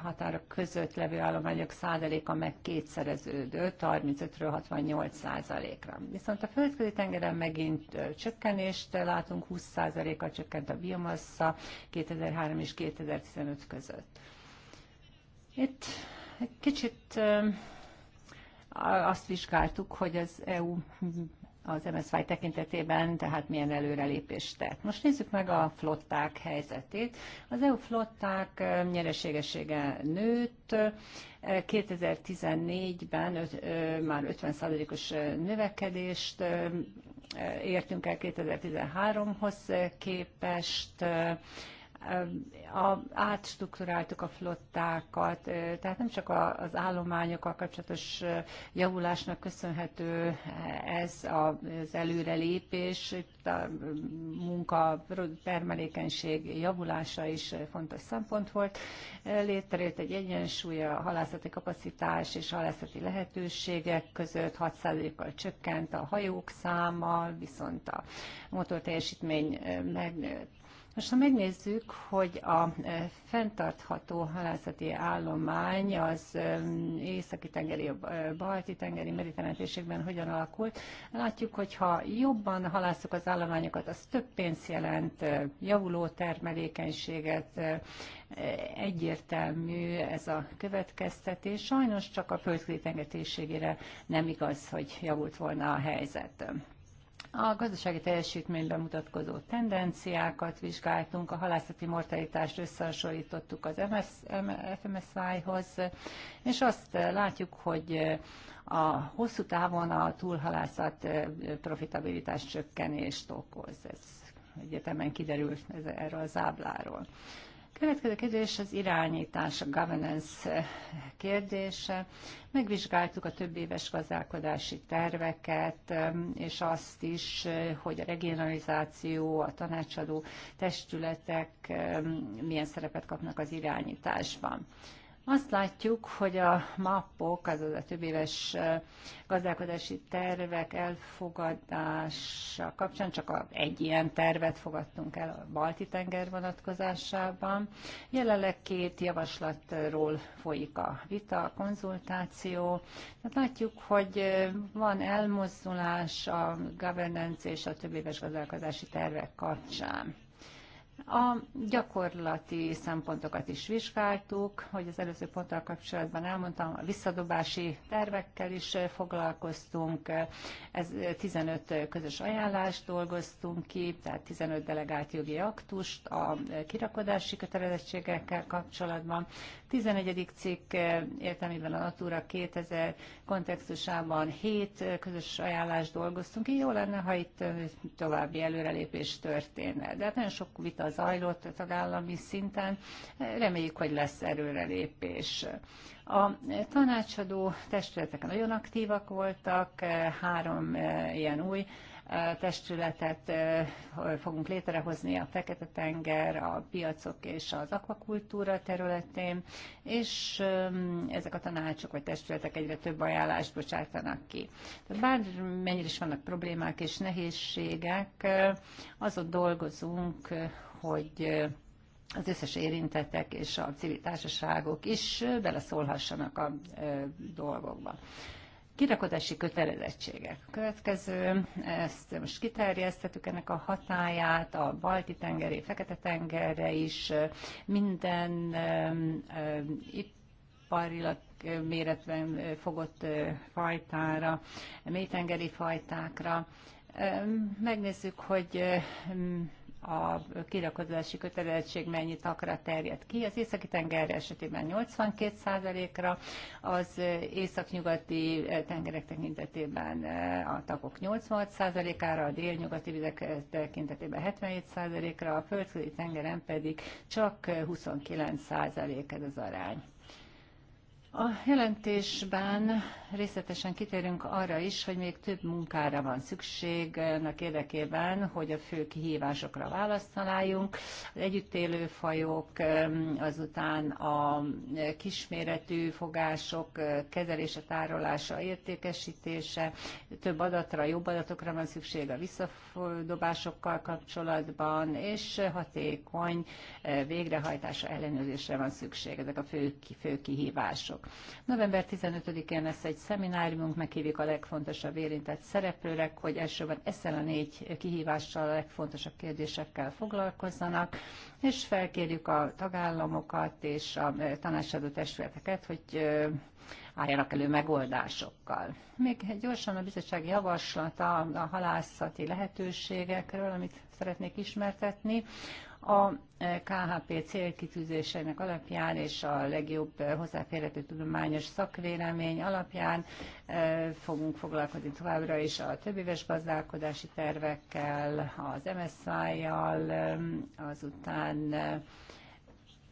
határok között levő állományok százaléka meg kétszereződött, 35-ről 68%-ra. Viszont a földközi tengeren megint csökkenést látunk, 20%-kal csökkent a biomassa 2003 és 2015 között. Itt Kicsit azt vizsgáltuk, hogy az EU az MSZY tekintetében, tehát milyen előrelépést tett. Most nézzük meg a flották helyzetét. Az EU flották nyereségessége nőtt, 2014-ben már 50%-os növekedést értünk el 2013-hoz képest, a, átstruktúráltuk a flottákat, tehát nem csak az állományokkal kapcsolatos javulásnak köszönhető eh, ez az előrelépés, itt a munka termelékenység javulása is fontos szempont volt. Létrejött egy egyensúly a halászati kapacitás és halászati lehetőségek között, 6%-kal csökkent a hajók száma, viszont a motorteljesítmény meg most ha megnézzük, hogy a e, fenntartható halászati állomány az e, északi tengeri, e, balti tengeri, mediterrán hogyan alakult, látjuk, hogy ha jobban halászok az állományokat, az több pénzt jelent, javuló termelékenységet, egyértelmű ez a következtetés. Sajnos csak a földközi nem igaz, hogy javult volna a helyzet. A gazdasági teljesítményben mutatkozó tendenciákat vizsgáltunk, a halászati mortalitást összehasonlítottuk az fmsy hoz és azt látjuk, hogy a hosszú távon a túlhalászat profitabilitás csökkenést okoz. Ez egyetemen kiderült ez erről az ábláról. Következő kérdés az irányítás, a governance kérdése. Megvizsgáltuk a több éves gazdálkodási terveket, és azt is, hogy a regionalizáció, a tanácsadó testületek milyen szerepet kapnak az irányításban. Azt látjuk, hogy a mappok, azaz a több éves gazdálkodási tervek elfogadása kapcsán csak egy ilyen tervet fogadtunk el a Balti-tenger vonatkozásában. Jelenleg két javaslatról folyik a vita, a konzultáció. Tehát látjuk, hogy van elmozdulás a governance és a több éves gazdálkodási tervek kapcsán. A gyakorlati szempontokat is vizsgáltuk, hogy az előző ponttal kapcsolatban elmondtam, a visszadobási tervekkel is foglalkoztunk, ez 15 közös ajánlást dolgoztunk ki, tehát 15 delegált jogi aktust a kirakodási kötelezettségekkel kapcsolatban, 11. cikk eh, értelmében a Natura 2000 kontextusában 7 eh, közös ajánlást dolgoztunk, így jó lenne, ha itt eh, további előrelépés történne. De hát nagyon sok vita zajlott a tagállami szinten, reméljük, hogy lesz előrelépés. A tanácsadó testületek nagyon aktívak voltak, három ilyen új testületet fogunk létrehozni a Fekete-tenger, a piacok és az akvakultúra területén, és ezek a tanácsok vagy testületek egyre több ajánlást bocsátanak ki. Tehát bármennyire is vannak problémák és nehézségek, azon dolgozunk, hogy az összes érintettek és a civil társaságok is beleszólhassanak a dolgokba. Kirakodási kötelezettségek. Következő, ezt most kiterjesztettük ennek a hatáját a balti tengeri, fekete tengerre is, minden iparilag méretben fogott fajtára, mélytengeri fajtákra. Megnézzük, hogy a kirakodási kötelezettség mennyi takra terjed ki. Az északi tenger esetében 82%-ra, az északnyugati eh, tengerek tekintetében eh, a takok 86%-ára, a délnyugati vizek eh, tekintetében 77%-ra, a földközi tengeren pedig csak 29% ez az arány. A jelentésben részletesen kitérünk arra is, hogy még több munkára van szükség ennek érdekében, hogy a fő kihívásokra választ találjunk. Az együttélő fajok, azután a kisméretű fogások kezelése, tárolása, értékesítése, több adatra, jobb adatokra van szükség a visszadobásokkal kapcsolatban, és hatékony eh, végrehajtása ellenőrzésre van szükség. Ezek a fő, fő kihívások célok. November 15-én lesz egy szemináriumunk, meghívjuk a legfontosabb érintett szereplőrek, hogy elsőben ezzel a négy kihívással a legfontosabb kérdésekkel foglalkozzanak, és felkérjük a tagállamokat és a tanácsadó testületeket, hogy álljanak elő megoldásokkal. Még gyorsan a bizottság javaslata a halászati lehetőségekről, amit szeretnék ismertetni a e, KHP célkitűzéseinek alapján és a legjobb e, hozzáférhető tudományos szakvélemény alapján e, fogunk foglalkozni továbbra is a többéves gazdálkodási tervekkel, az MSZI-jal, azután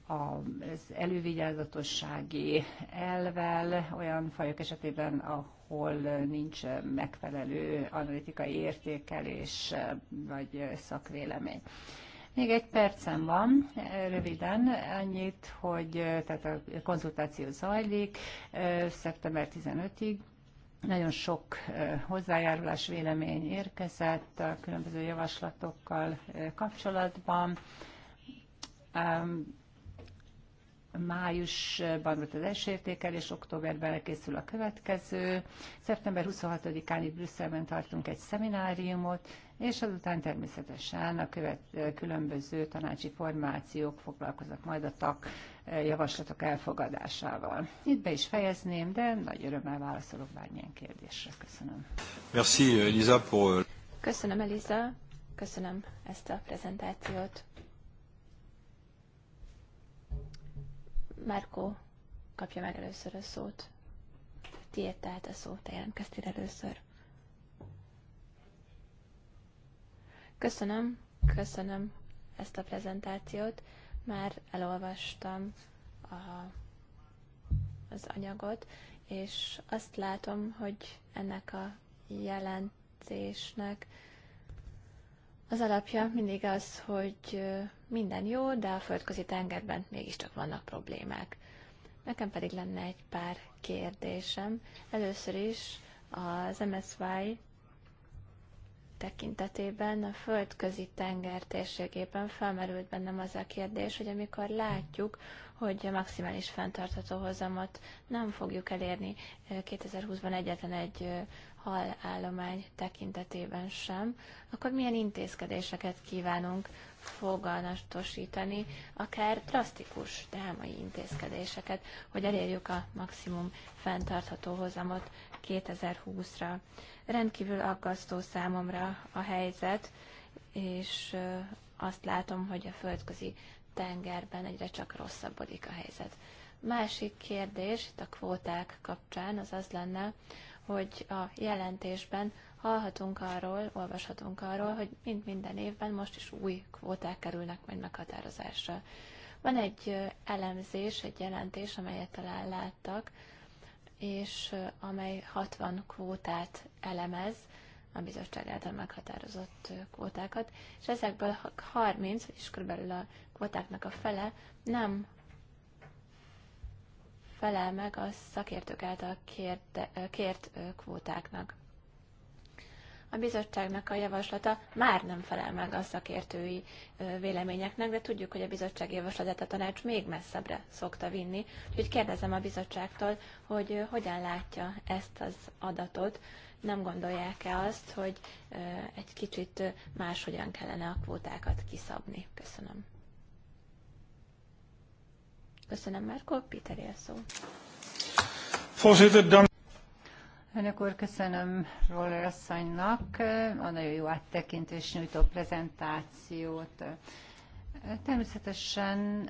az elővigyázatossági elvel olyan fajok esetében, ahol nincs megfelelő analitikai értékelés vagy szakvélemény. Még egy percem van, röviden annyit, hogy tehát a konzultáció zajlik szeptember 15-ig. Nagyon sok hozzájárulás vélemény érkezett a különböző javaslatokkal kapcsolatban májusban volt az első értékelés, októberben elkészül a következő. Szeptember 26-án itt Brüsszelben tartunk egy szemináriumot, és azután természetesen a követ, különböző tanácsi formációk foglalkoznak majd a TAK eh, javaslatok elfogadásával. Itt be is fejezném, de nagy örömmel válaszolok bármilyen kérdésre. Köszönöm. Merci, Elisa, pour... Euh, Köszönöm, Eliza. Köszönöm ezt a prezentációt. Márkó kapja meg először a szót. Tiéd tehát a szót, te jelentkeztél először. Köszönöm, köszönöm ezt a prezentációt. Már elolvastam a, az anyagot, és azt látom, hogy ennek a jelentésnek az alapja mindig az, hogy minden jó, de a földközi tengerben mégiscsak vannak problémák. Nekem pedig lenne egy pár kérdésem. Először is az MSY tekintetében a földközi tenger térségében felmerült bennem az a kérdés, hogy amikor látjuk, hogy a maximális fenntartható hozamot nem fogjuk elérni 2020-ban eh, egyetlen egy eh, halállomány tekintetében sem, akkor milyen intézkedéseket kívánunk fogalmatosítani, akár drasztikus drámai intézkedéseket, hogy elérjük a maximum fenntartható hozamot 2020-ra. Rendkívül aggasztó számomra a helyzet, és azt látom, hogy a földközi tengerben egyre csak rosszabbodik a helyzet. Másik kérdés itt a kvóták kapcsán az az lenne, hogy a jelentésben hallhatunk arról, olvashatunk arról, hogy mind minden évben most is új kvóták kerülnek majd meghatározásra. Van egy elemzés, egy jelentés, amelyet talán láttak, és amely 60 kvótát elemez, a bizottság által meghatározott kvótákat, és ezekből 30, vagyis kb. a kvótáknak a fele nem felel meg a szakértők által kért, kért kvótáknak. A bizottságnak a javaslata már nem felel meg a szakértői véleményeknek, de tudjuk, hogy a bizottság javaslatát a tanács még messzebbre szokta vinni. Úgyhogy kérdezem a bizottságtól, hogy hogyan látja ezt az adatot. Nem gondolják-e azt, hogy egy kicsit máshogyan kellene a kvótákat kiszabni? Köszönöm. Köszönöm, Márko. Péter él szó. Önök úr, köszönöm Roller asszonynak a nagyon jó áttekintés nyújtó prezentációt. Természetesen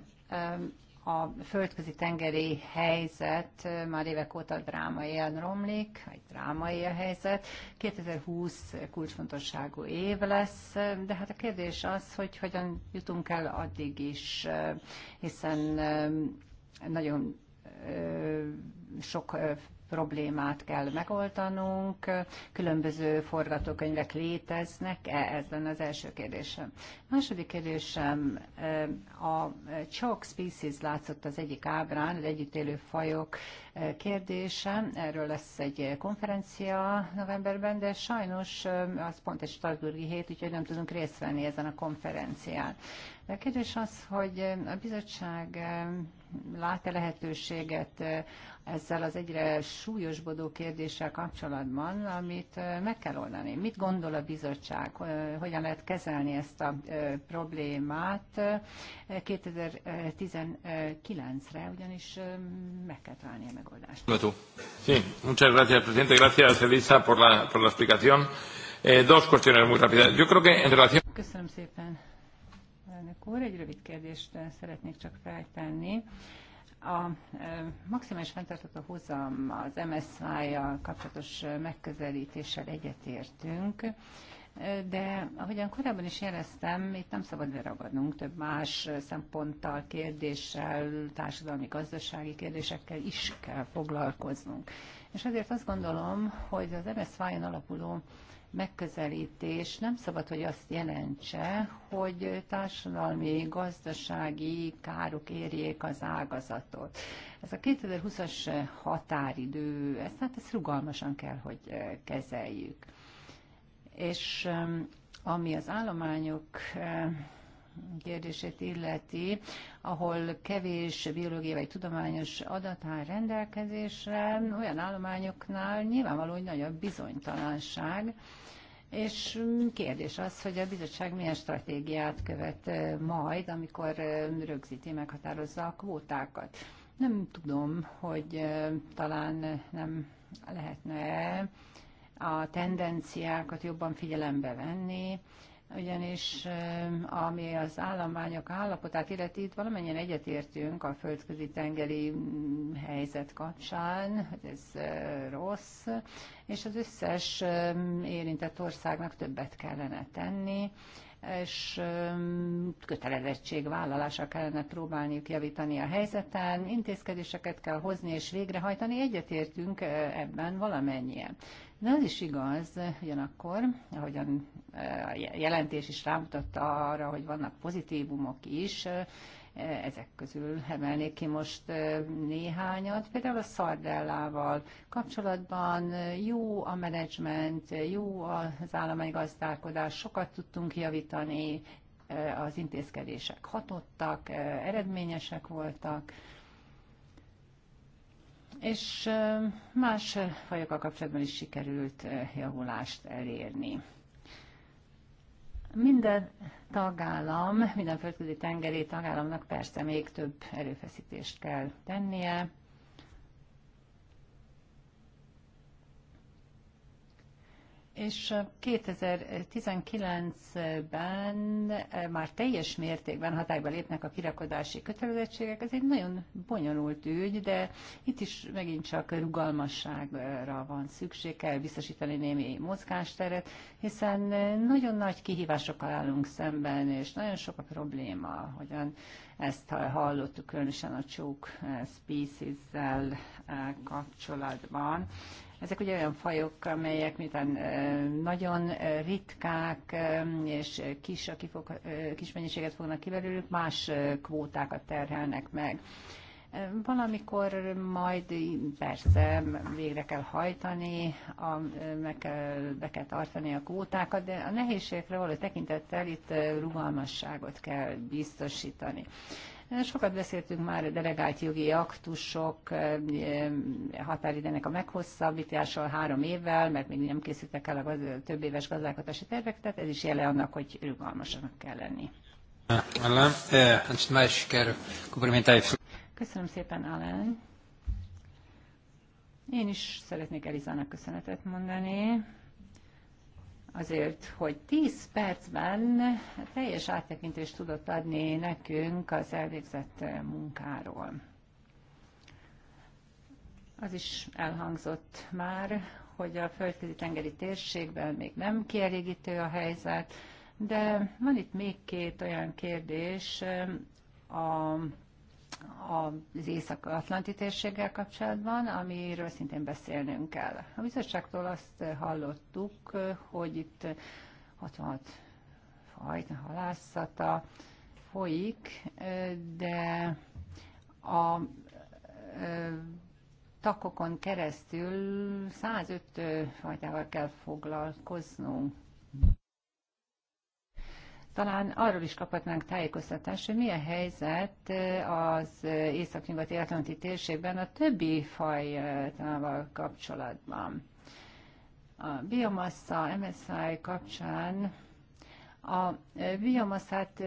a földközi tengeri helyzet már évek óta ilyen romlik, vagy drámai a helyzet. 2020 kulcsfontosságú év lesz, de hát a kérdés az, hogy hogyan jutunk el addig is, hiszen nagyon sok problémát kell megoldanunk, különböző forgatókönyvek léteznek -e? Ez lenne az első kérdésem. A második kérdésem, eh, a chalk species látszott az egyik ábrán, az együtt élő fajok eh, kérdése, erről lesz egy konferencia novemberben, de sajnos eh, az pont egy Strasburgi hét, úgyhogy nem tudunk részt venni ezen a konferencián. De a kérdés az, hogy a bizottság eh, lát-e lehetőséget eh, ezzel az egyre súlyosbodó kérdéssel kapcsolatban, amit eh, meg kell oldani. Mit gondol a bizottság, hogyan lehet kezelni ezt a problémát 2019-re, ugyanis meg kell találni a megoldást. Sí, muchas gracias, presidente. Gracias, Elisa, por la, por la explicación. Eh, dos cuestiones muy rápidas. Yo creo que en relación... Köszönöm szépen elnök úr. Egy rövid kérdést eh, szeretnék csak feltenni. A eh, maximális fenntartható hozam az MSZI-jal kapcsolatos eh, megközelítéssel egyetértünk, de ahogyan korábban is jeleztem, itt nem szabad leragadnunk több más szemponttal, kérdéssel, társadalmi, gazdasági kérdésekkel is kell foglalkoznunk. És azért azt gondolom, hogy az msz n alapuló megközelítés nem szabad, hogy azt jelentse, hogy társadalmi, gazdasági károk érjék az ágazatot. Ez a 2020-as határidő, ezt, hát ezt rugalmasan kell, hogy eh, kezeljük. És ami az állományok kérdését illeti, ahol kevés biológiai vagy tudományos adat áll rendelkezésre, olyan állományoknál nyilvánvaló, hogy nagyobb bizonytalanság, és kérdés az, hogy a bizottság milyen stratégiát követ majd, amikor rögzíti, meghatározza a kvótákat. Nem tudom, hogy talán nem lehetne a tendenciákat jobban figyelembe venni, ugyanis ami az állományok állapotát illeti, itt valamennyien egyetértünk a földközi tengeri mm, helyzet kapcsán, hogy ez rossz, és az összes érintett országnak többet kellene tenni, és kötelezettségvállalása kellene próbálniuk javítani a helyzeten, intézkedéseket kell hozni és végrehajtani, egyetértünk ebben valamennyien. De az is igaz, ugyanakkor, ahogyan e, a jelentés is rámutatta arra, hogy vannak pozitívumok is, e, ezek közül emelnék ki most e, néhányat. Például a szardellával kapcsolatban jó a menedzsment, jó az állami gazdálkodás, sokat tudtunk javítani, az intézkedések hatottak, eredményesek voltak és más fajokkal kapcsolatban is sikerült javulást elérni. Minden tagállam, minden földközi tengeri tagállamnak persze még több erőfeszítést kell tennie, és 2019-ben eh, már teljes mértékben hatályba lépnek a kirakodási kötelezettségek. Ez egy nagyon bonyolult ügy, de itt is megint csak rugalmasságra van szükség, kell biztosítani némi mozgásteret, hiszen nagyon nagy kihívásokkal állunk szemben, és nagyon sok a probléma, hogyan ezt hallottuk különösen a csók eh, species eh, kapcsolatban ezek ugye olyan fajok, amelyek miután nagyon ritkák és kis, a kifog, kis mennyiséget fognak ki belőlük, más kvótákat terhelnek meg. Valamikor majd persze végre kell hajtani, a, meg kell, be kell tartani a kvótákat, de a nehézségekre való tekintettel itt rugalmasságot kell biztosítani. Sokat beszéltünk már a delegált jogi aktusok eh, eh, határidenek a meghosszabbítással három évvel, mert még nem készítek el a több éves gazdálkodási tervek, tehát ez is jele annak, hogy rugalmasanak kell lenni. Eh, Köszönöm szépen, Alan. Én is szeretnék Elizának köszönetet mondani azért, hogy 10 percben teljes áttekintést tudott adni nekünk az elvégzett munkáról. Az is elhangzott már, hogy a földközi tengeri térségben még nem kielégítő a helyzet, de van itt még két olyan kérdés, a az Észak-Atlanti térséggel kapcsolatban, amiről szintén beszélnünk kell. A bizottságtól azt hallottuk, hogy itt 66 fajta halászata folyik, de a takokon keresztül 105 fajtával kell foglalkoznunk talán arról is kaphatnánk tájékoztatást, hogy milyen helyzet az északnyugati atlanti térségben a többi fajtával kapcsolatban. A biomassa MSI kapcsán a biomaszát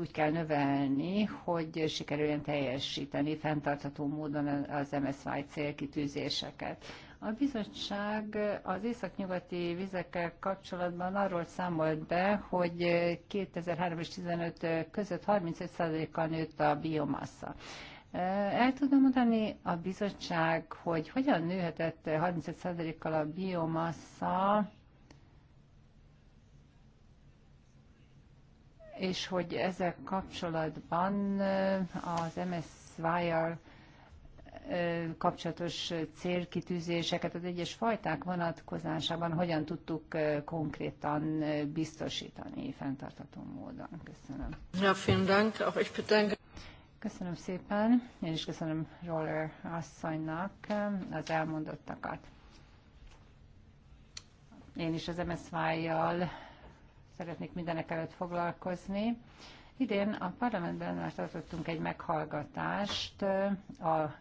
úgy kell növelni, hogy sikerüljön teljesíteni fenntartható módon az MSI célkitűzéseket. A bizottság az északnyugati vizekkel kapcsolatban arról számolt be, hogy 2003 és 2015 között 35%-kal nőtt a biomassa. El tudom mondani a bizottság, hogy hogyan nőhetett 35%-kal a biomassa, és hogy ezzel kapcsolatban az MSZ-vájjal kapcsolatos célkitűzéseket az egyes fajták vonatkozásában hogyan tudtuk konkrétan biztosítani fenntartható módon. Köszönöm. Ja, vielen Dank. Auch ich bedanke. Köszönöm szépen. Én is köszönöm Roller asszonynak az elmondottakat. Én is az MSZY-jal szeretnék mindenek előtt foglalkozni. Idén a parlamentben már tartottunk egy meghallgatást a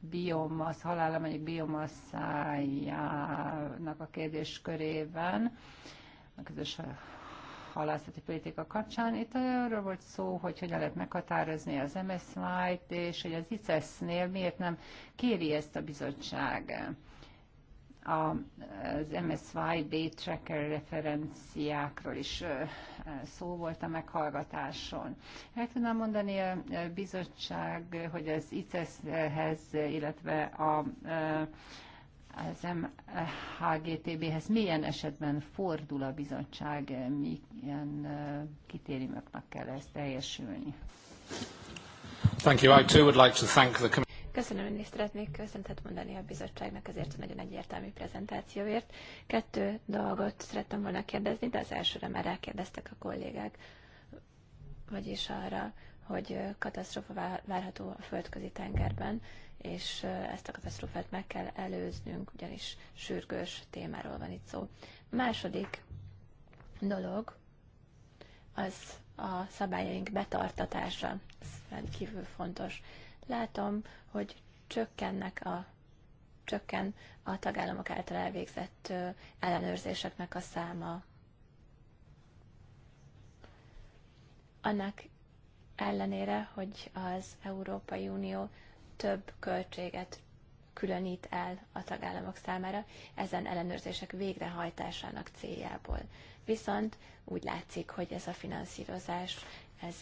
biomasz, halálományok biomaszájának a kérdéskörében, a közös halászati politika kapcsán. Itt arról volt szó, hogy hogyan lehet meghatározni az MSZ-t, és hogy az ICESZ-nél miért nem kéri ezt a bizottság az MSY Tracker referenciákról is szó volt a meghallgatáson. El tudnám mondani a bizottság, hogy az ICES-hez, illetve a az MHGTB-hez milyen esetben fordul a bizottság, milyen kritériumoknak kell ezt teljesülni? Thank you. I too would like to thank the Köszönöm, én is szeretnék köszöntet mondani a bizottságnak ezért a nagyon egyértelmű prezentációért. Kettő dolgot szerettem volna kérdezni, de az elsőre már rákérdeztek a kollégák, vagyis arra, hogy katasztrófa várható a földközi tengerben, és ezt a katasztrófát meg kell előznünk, ugyanis sürgős témáról van itt szó. A második dolog az a szabályaink betartatása. Ez rendkívül fontos. Látom, hogy csökkennek a, csökken a tagállamok által elvégzett ellenőrzéseknek a száma. Annak ellenére, hogy az Európai Unió több költséget különít el a tagállamok számára ezen ellenőrzések végrehajtásának céljából. Viszont úgy látszik, hogy ez a finanszírozás ez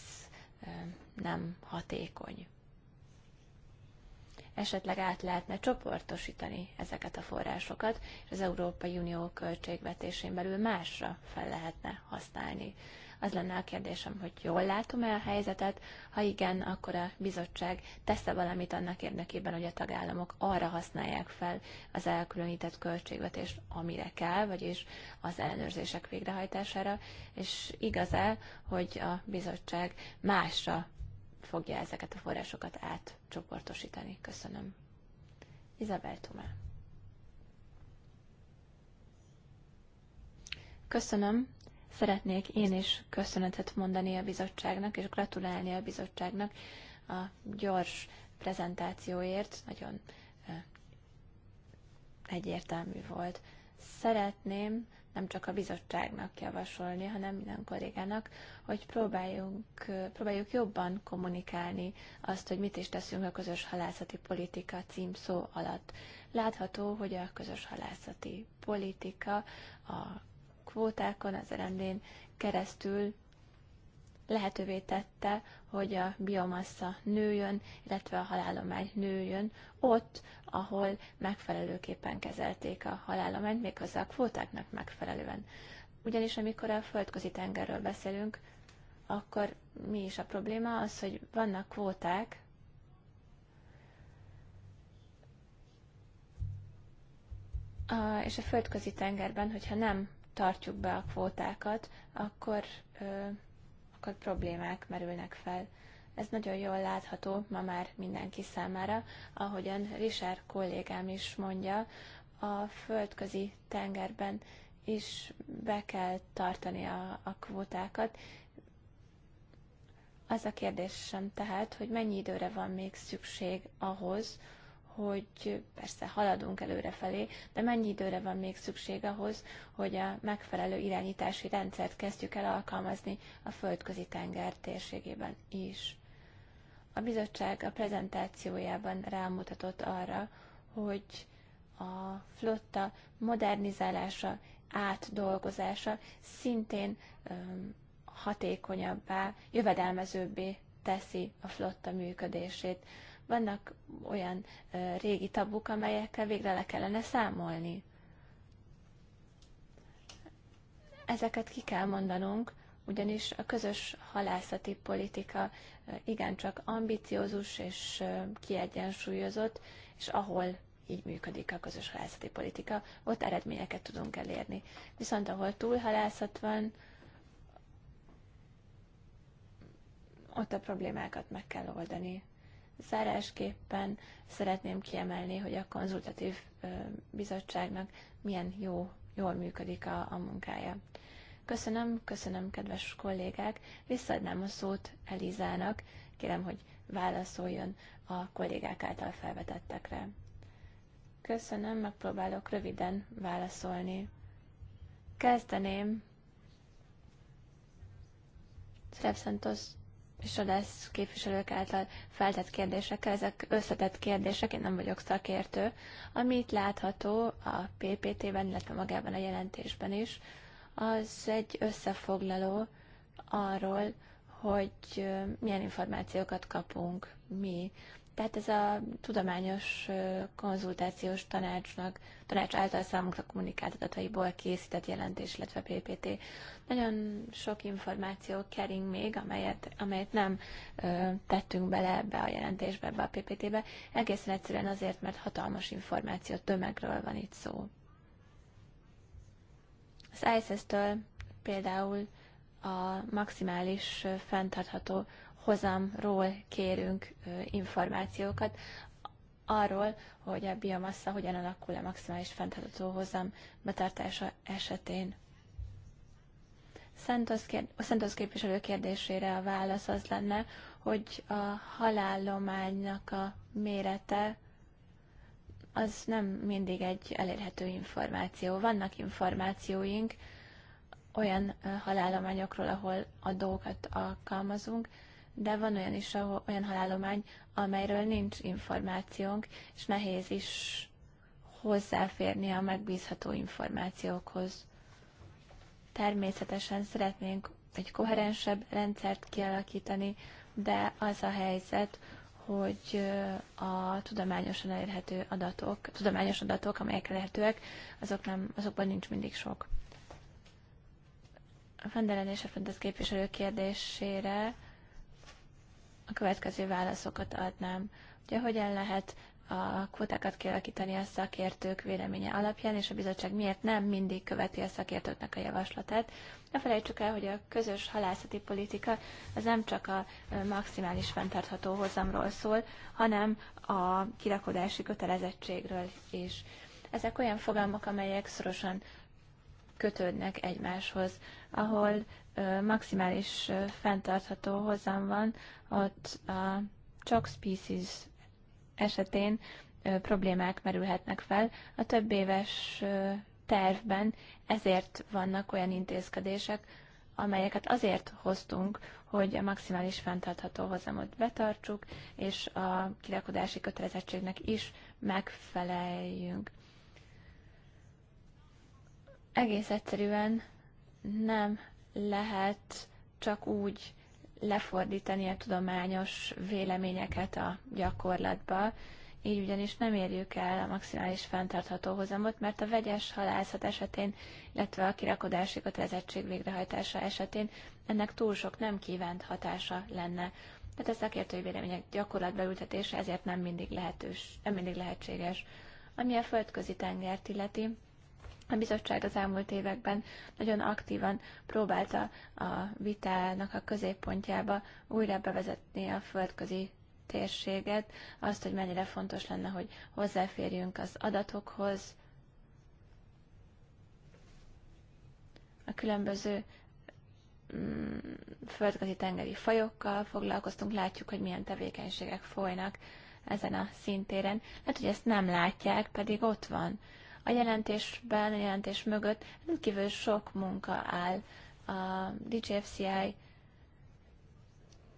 nem hatékony esetleg át lehetne csoportosítani ezeket a forrásokat, és az Európai Unió költségvetésén belül másra fel lehetne használni. Az lenne a kérdésem, hogy jól látom-e a helyzetet, ha igen, akkor a bizottság tesz-e valamit annak érdekében, hogy a tagállamok arra használják fel az elkülönített költségvetést, amire kell, vagyis az ellenőrzések végrehajtására, és igaz-e, hogy a bizottság másra fogja ezeket a forrásokat átcsoportosítani. Köszönöm. Izabel Tomá. Köszönöm. Szeretnék én is köszönetet mondani a bizottságnak, és gratulálni a bizottságnak a gyors prezentációért. Nagyon egyértelmű volt. Szeretném, nem csak a bizottságnak javasolni, hanem minden kollégának, hogy próbáljunk, próbáljuk jobban kommunikálni azt, hogy mit is teszünk a közös halászati politika cím szó alatt. Látható, hogy a közös halászati politika a kvótákon, az rendén keresztül lehetővé tette, hogy a biomassa nőjön, illetve a halálomány nőjön ott, ahol megfelelőképpen kezelték a halálományt, méghozzá a kvótáknak megfelelően. Ugyanis amikor a földközi tengerről beszélünk, akkor mi is a probléma? Az, hogy vannak kvóták, a, és a földközi tengerben, hogyha nem tartjuk be a kvótákat, akkor ö, akkor problémák merülnek fel. Ez nagyon jól látható ma már mindenki számára, ahogyan Richard kollégám is mondja, a földközi tengerben is be kell tartani a, a kvótákat. Az a kérdésem tehát, hogy mennyi időre van még szükség ahhoz, hogy persze haladunk előre felé, de mennyi időre van még szükség ahhoz, hogy a megfelelő irányítási rendszert kezdjük el alkalmazni a földközi tenger térségében is. A bizottság a prezentációjában rámutatott arra, hogy a flotta modernizálása, átdolgozása szintén hatékonyabbá, jövedelmezőbbé teszi a flotta működését vannak olyan régi tabuk, amelyekkel végre le kellene számolni. Ezeket ki kell mondanunk, ugyanis a közös halászati politika igencsak ambiciózus és kiegyensúlyozott, és ahol így működik a közös halászati politika, ott eredményeket tudunk elérni. Viszont ahol túlhalászat van, ott a problémákat meg kell oldani. Zárásképpen szeretném kiemelni, hogy a konzultatív bizottságnak milyen jó, jól működik a, a munkája. Köszönöm, köszönöm, kedves kollégák. Visszaadnám a szót Elizának. Kérem, hogy válaszoljon a kollégák által felvetettekre. Köszönöm, megpróbálok röviden válaszolni. Kezdeném szentos és a lesz képviselők által feltett kérdésekkel, ezek összetett kérdések, én nem vagyok szakértő, amit látható a PPT-ben, illetve magában a jelentésben is, az egy összefoglaló arról, hogy milyen információkat kapunk mi tehát ez a tudományos konzultációs tanácsnak, tanács által számunkra kommunikált adataiból készített jelentés, illetve PPT. Nagyon sok információ kering még, amelyet, amelyet nem ö, tettünk bele ebbe a jelentésbe, ebbe a PPT-be, egészen egyszerűen azért, mert hatalmas információ tömegről van itt szó. Az ISS-től például a maximális fenntartható hozamról kérünk információkat, arról, hogy a biomassa hogyan alakul a maximális fenntartható hozam betartása esetén. Szentos, kérd... Szentos képviselő kérdésére a válasz az lenne, hogy a halállománynak a mérete az nem mindig egy elérhető információ. Vannak információink olyan halállományokról, ahol adókat alkalmazunk, de van olyan is, ahol, olyan halálomány, amelyről nincs információnk, és nehéz is hozzáférni a megbízható információkhoz. Természetesen szeretnénk egy koherensebb rendszert kialakítani, de az a helyzet, hogy a tudományosan elérhető adatok, tudományos adatok, amelyek elérhetőek, azok nem, azokban nincs mindig sok. A Fendelen és a Fendez képviselő kérdésére a következő válaszokat adnám. Ugye hogyan lehet a kvótákat kialakítani a szakértők véleménye alapján, és a bizottság miért nem mindig követi a szakértőknek a javaslatát. Ne felejtsük el, hogy a közös halászati politika az nem csak a maximális fenntartható hozamról szól, hanem a kirakodási kötelezettségről is. Ezek olyan fogalmak, amelyek szorosan kötődnek egymáshoz. Ahol maximális fenntartható hozam van, ott a csak species esetén problémák merülhetnek fel. A több éves tervben ezért vannak olyan intézkedések, amelyeket azért hoztunk, hogy a maximális fenntartható hozamot betartsuk, és a kirakodási kötelezettségnek is megfeleljünk egész egyszerűen nem lehet csak úgy lefordítani a tudományos véleményeket a gyakorlatba, így ugyanis nem érjük el a maximális fenntartható hozamot, mert a vegyes halászat esetén, illetve a kirakodási kötelezettség végrehajtása esetén ennek túl sok nem kívánt hatása lenne. Tehát a szakértői vélemények gyakorlatba ültetése ezért nem mindig, lehetős, nem mindig lehetséges. Ami a földközi tengert illeti, a bizottság az elmúlt években nagyon aktívan próbálta a vitának a középpontjába újra bevezetni a földközi térséget, azt, hogy mennyire fontos lenne, hogy hozzáférjünk az adatokhoz, a különböző mm, földközi tengeri fajokkal foglalkoztunk, látjuk, hogy milyen tevékenységek folynak ezen a szintéren. Hát, hogy ezt nem látják, pedig ott van. A jelentésben, a jelentés mögött rendkívül sok munka áll a DJFCI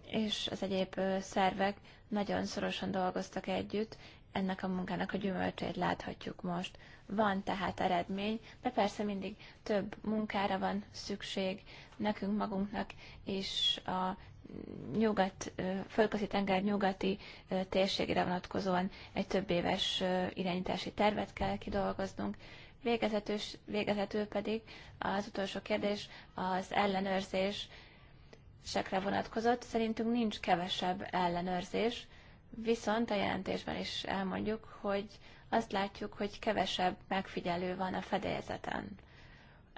és az egyéb szervek nagyon szorosan dolgoztak együtt, ennek a munkának a gyümölcsét láthatjuk most. Van tehát eredmény, de persze mindig több munkára van szükség nekünk magunknak és a nyugat, földközi tenger nyugati térségére vonatkozóan egy több éves irányítási tervet kell kidolgoznunk, Végezetős, végezetül pedig az utolsó kérdés az ellenőrzés sekre vonatkozott. Szerintünk nincs kevesebb ellenőrzés, viszont a jelentésben is elmondjuk, hogy azt látjuk, hogy kevesebb megfigyelő van a fedélzeten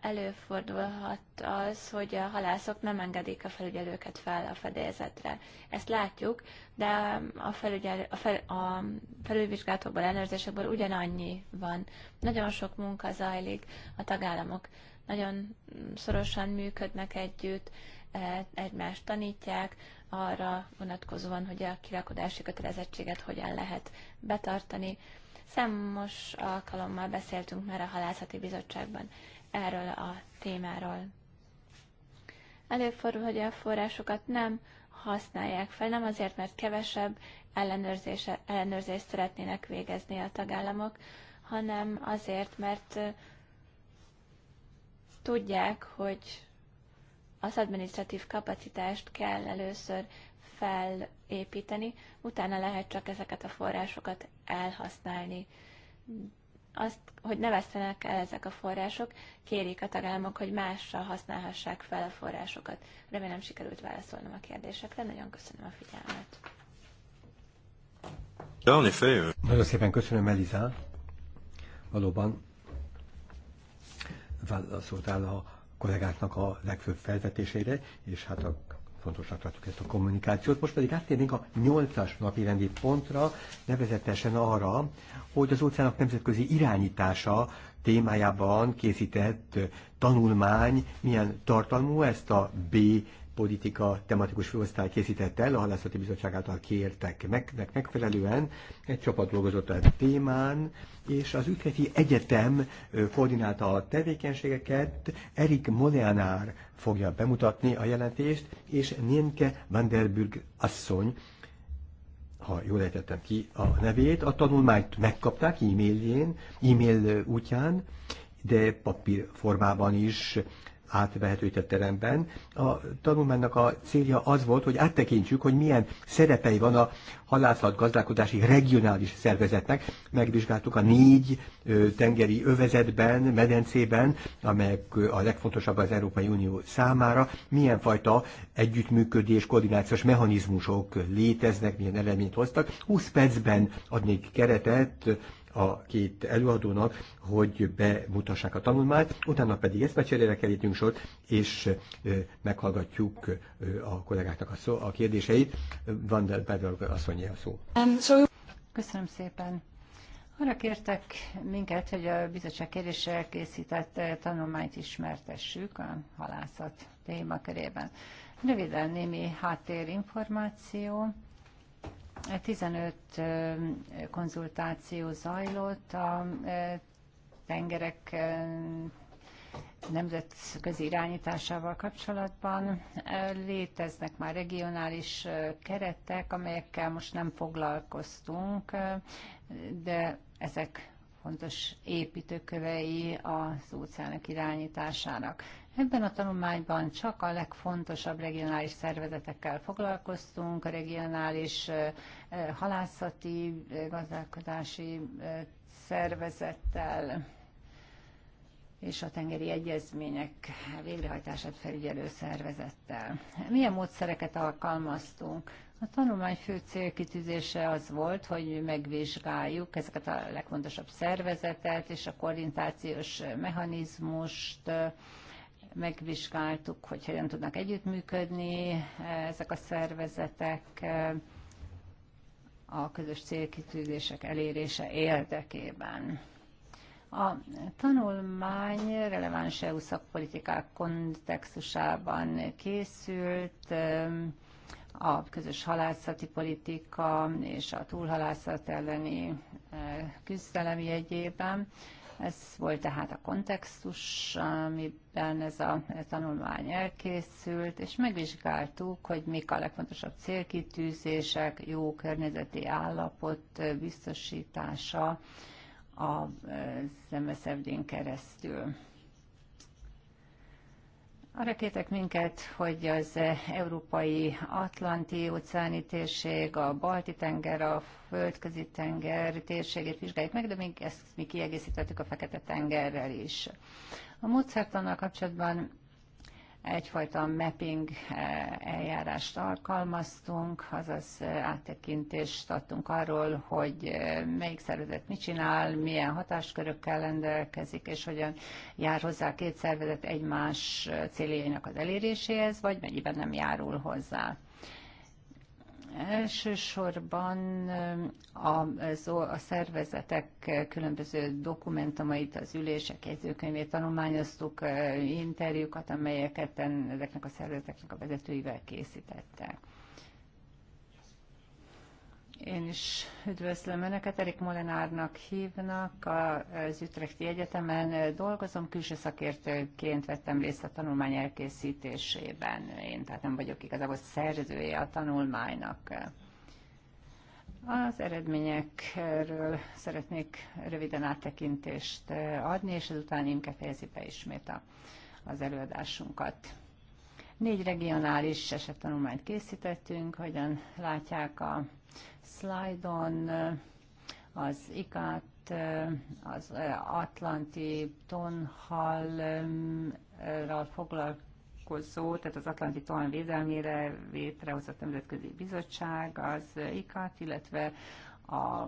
előfordulhat az, hogy a halászok nem engedik a felügyelőket fel a fedélzetre. Ezt látjuk, de a, felügyelő, a, fel, a felülvizsgálatokból, ellenőrzésekből ugyanannyi van. Nagyon sok munka zajlik, a tagállamok nagyon szorosan működnek együtt, e, egymást tanítják, arra vonatkozóan, hogy a kirakodási kötelezettséget hogyan lehet betartani. Számos alkalommal beszéltünk már a halászati bizottságban erről a témáról. Előfordul, hogy a forrásokat nem használják fel, nem azért, mert kevesebb ellenőrzést szeretnének végezni a tagállamok, hanem azért, mert tudják, hogy az administratív kapacitást kell először felépíteni, utána lehet csak ezeket a forrásokat elhasználni azt, hogy ne vesztenek el ezek a források, kérik a tagállamok, hogy mással használhassák fel a forrásokat. Remélem sikerült válaszolnom a kérdésekre, nagyon köszönöm a figyelmet. Euh. Nagyon szépen köszönöm, Eliza. Valóban válaszoltál a kollégáknak a legfőbb felvetésére, és hát a fontosnak tartjuk ezt a kommunikációt. Most pedig áttérnénk a nyolcas napi rendi pontra, nevezetesen arra, hogy az óceánok nemzetközi irányítása témájában készített tanulmány milyen tartalmú, ezt a B politika tematikus főosztály készített el, a halászati bizottság által kértek meg, megfelelően. Egy csapat dolgozott a témán, és az Ükreti Egyetem koordinálta a tevékenységeket. Erik Moleanár fogja bemutatni a jelentést, és Nienke Vanderburg asszony, ha jól értettem ki a nevét, a tanulmányt megkapták e-mailjén, e-mail útján, de papírformában is átvehető itt a teremben. A tanulmánynak a célja az volt, hogy áttekintsük, hogy milyen szerepei van a halászat gazdálkodási regionális szervezetnek. Megvizsgáltuk a négy tengeri övezetben, medencében, amelyek a legfontosabb az Európai Unió számára, milyen fajta együttműködés, koordinációs mechanizmusok léteznek, milyen eleményt hoztak. 20 percben adnék keretet a két előadónak, hogy bemutassák a tanulmányt, utána pedig becserére kerítünk sort, és meghallgatjuk a kollégáknak a, szó, a kérdéseit. Van der Bedolg a szó. Um, Köszönöm szépen. Arra kértek minket, hogy a bizottság kérdéssel készített eh, tanulmányt ismertessük a halászat témakörében. Röviden némi háttérinformáció. 15 konzultáció zajlott a tengerek nemzetközi irányításával kapcsolatban. Léteznek már regionális keretek, amelyekkel most nem foglalkoztunk, de ezek fontos építőkövei az óceánok irányításának. Ebben a tanulmányban csak a legfontosabb regionális szervezetekkel foglalkoztunk, a regionális halászati, gazdálkodási szervezettel és a tengeri egyezmények végrehajtását felügyelő szervezettel. Milyen módszereket alkalmaztunk? A tanulmány fő célkitűzése az volt, hogy megvizsgáljuk ezeket a legfontosabb szervezetet és a koordinációs mechanizmust, megvizsgáltuk, hogy hogyan tudnak együttműködni eh, ezek a szervezetek eh, a közös célkitűzések elérése érdekében. A tanulmány releváns EU szakpolitikák kontextusában készült, eh, a közös halászati politika és a túlhalászat elleni küzdelem jegyében. Ez volt tehát a kontextus, amiben ez a tanulmány elkészült, és megvizsgáltuk, hogy mik a legfontosabb célkitűzések, jó környezeti állapot biztosítása az eh, MSZFD-n keresztül. Arra kértek minket, hogy az európai atlanti óceáni térség, a balti tenger, a földközi tenger térségét vizsgáljuk meg, de még ezt mi kiegészítettük a fekete tengerrel is. A módszertannal kapcsolatban egyfajta mapping eh, eljárást alkalmaztunk, azaz eh, áttekintést adtunk arról, hogy eh, melyik szervezet mit csinál, milyen hatáskörökkel rendelkezik, és hogyan jár hozzá két szervezet egymás céljainak az eléréséhez, vagy mennyiben nem járul hozzá. Elsősorban a, a szervezetek különböző dokumentumait, az ülések jegyzőkönyvét tanulmányoztuk, interjúkat, amelyeket ezeknek a szervezeteknek a vezetőivel készítettek. Én is üdvözlöm Önöket, Erik Molenárnak hívnak, az Ütrechti Egyetemen dolgozom, külső szakértőként vettem részt a tanulmány elkészítésében. Én tehát nem vagyok igazából szerzője a tanulmánynak. Az eredményekről szeretnék röviden áttekintést adni, és ezután Imke fejezi be ismét a, az előadásunkat. Négy regionális esettanulmányt készítettünk, hogyan látják a szlájdon az ikát az Atlanti tonhalral foglalkozó, tehát az Atlanti tonhal védelmére létrehozott Nemzetközi Bizottság, az ikát illetve a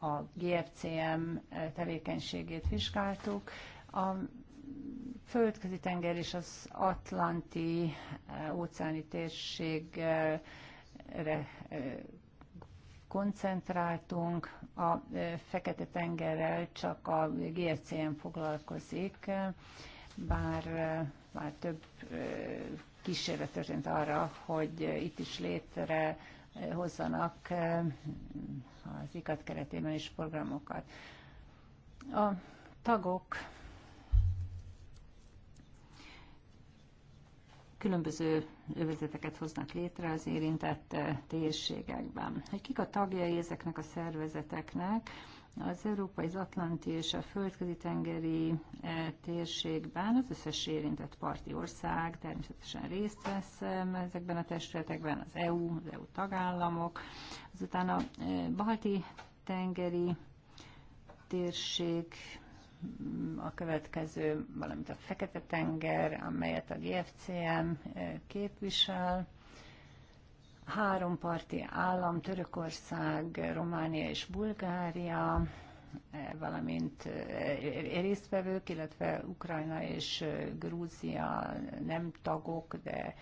a GFCM tevékenységét vizsgáltuk. A földközi tenger és az atlanti óceáni térséggel koncentráltunk, a Fekete-tengerrel csak a GRCM foglalkozik, bár, már több kísérlet történt arra, hogy itt is létre hozzanak az ikat keretében is programokat. A tagok különböző övezeteket hoznak létre az érintett eh, térségekben. Hogy kik a tagjai ezeknek a szervezeteknek, az európai, az atlanti és a földközi tengeri eh, térségben az összes érintett parti ország természetesen részt vesz eh, ezekben a testületekben, az EU, az EU tagállamok, azután a balti tengeri térség a következő, valamint a Fekete-tenger, amelyet a GFCM eh, képvisel. Három parti állam, Törökország, Románia és Bulgária, eh, valamint eh, résztvevők, illetve Ukrajna és Grúzia nem tagok, de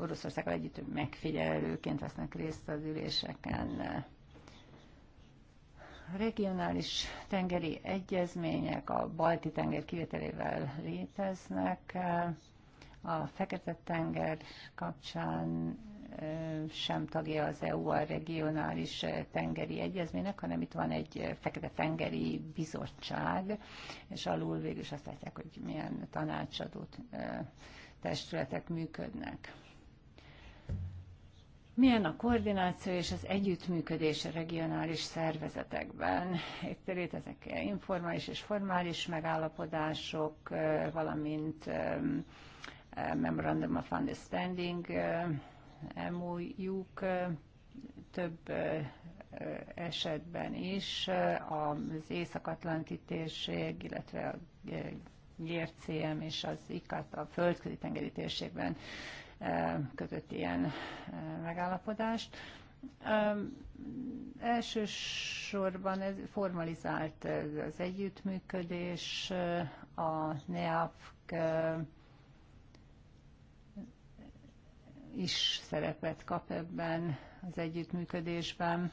Oroszországgal együtt megfigyelőként vesznek részt az üléseken regionális tengeri egyezmények a balti tenger kivételével léteznek. A Fekete-tenger kapcsán sem tagja az EU a regionális tengeri egyezménynek, hanem itt van egy Fekete-tengeri bizottság, és alul végül is azt látják, hogy milyen tanácsadó testületek működnek milyen a koordináció és az együttműködés a regionális szervezetekben? Itt léteznek informális és formális megállapodások, valamint Memorandum of Understanding, mou több esetben is az Észak-Atlanti térség, illetve a GRCM és az ICAT a földközi tengeri térségben kötött ilyen megállapodást. Elsősorban ez formalizált az együttműködés, a NEAFK is szerepet kap ebben az együttműködésben,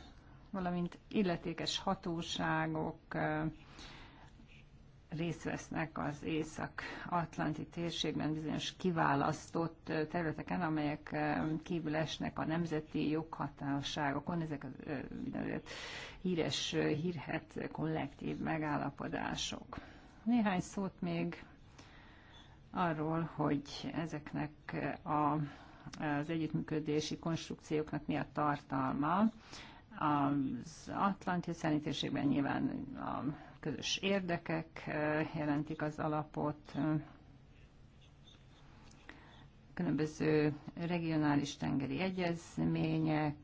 valamint illetékes hatóságok, részt vesznek az Észak-Atlanti térségben bizonyos kiválasztott területeken, amelyek kívül esnek a nemzeti joghatárságokon, ezek az híres, hírhet kollektív megállapodások. Néhány szót még arról, hogy ezeknek a, az együttműködési konstrukcióknak mi a tartalma. Az Atlanti szenítésében nyilván a közös érdekek jelentik az alapot, különböző regionális tengeri egyezmények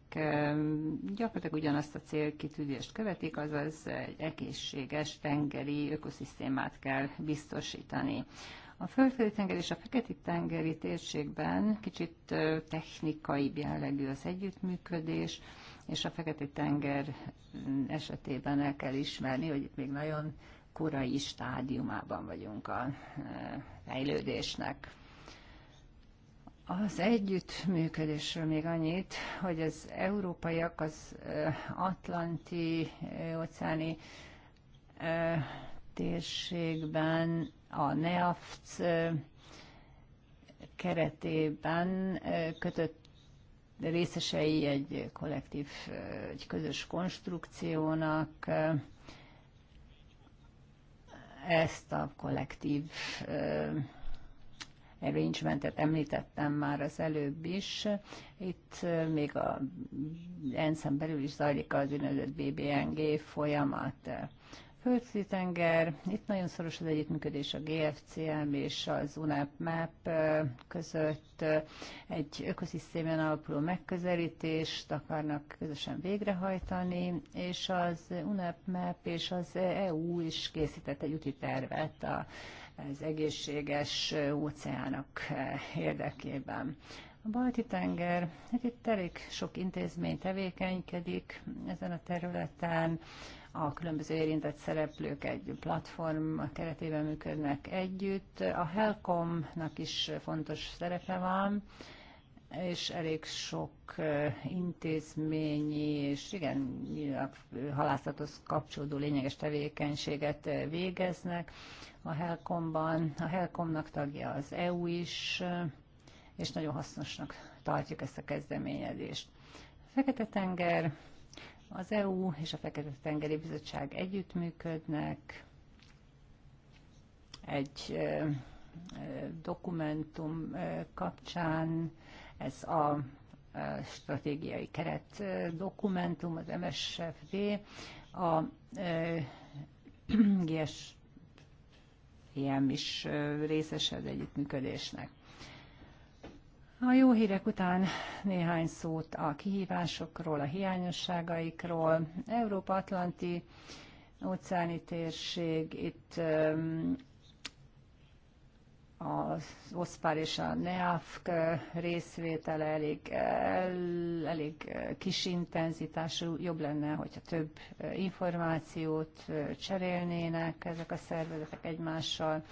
gyakorlatilag ugyanazt a célkitűzést követik, azaz egy egészséges tengeri ökoszisztémát kell biztosítani. A földközi tenger és a feketi tengeri térségben kicsit technikai jellegű az együttműködés, és a Fekete-tenger esetében el kell ismerni, hogy még nagyon korai stádiumában vagyunk a e, fejlődésnek. Az együttműködésről még annyit, hogy az európaiak az e, atlanti e, óceáni térségben a NEAFC keretében kötött részesei egy kollektív, egy közös konstrukciónak, ezt a kollektív eh, arrangementet említettem már az előbb is. Itt eh, még a ensz belül is zajlik az ünnezett BBNG folyamat földszíri tenger, itt nagyon szoros az együttműködés a GFCM és az UNEP-MAP között egy ökoszisztémán alapuló megközelítést akarnak közösen végrehajtani, és az UNEP-MAP és az EU is készített egy úti tervet az egészséges óceánok érdekében. A Balti-tenger, hát itt elég sok intézmény tevékenykedik ezen a területen, a különböző érintett szereplők egy platform keretében működnek együtt. A Helcomnak is fontos szerepe van, és elég sok intézményi és igen, halászathoz kapcsolódó lényeges tevékenységet végeznek a Helcomban. A Helcomnak tagja az EU is, és nagyon hasznosnak tartjuk ezt a kezdeményezést. Fekete-tenger az EU és a Fekete-tengeri Bizottság együttműködnek, egy dokumentum kapcsán, ez a stratégiai keret dokumentum, az MSFD, a GSM ilyen is részese az együttműködésnek. A jó hírek után néhány szót a kihívásokról, a hiányosságaikról. Európa-Atlanti óceáni térség, itt az OSPAR és a NEAFK részvétele elég, elég kis intenzitású, jobb lenne, hogyha több információt cserélnének ezek a szervezetek egymással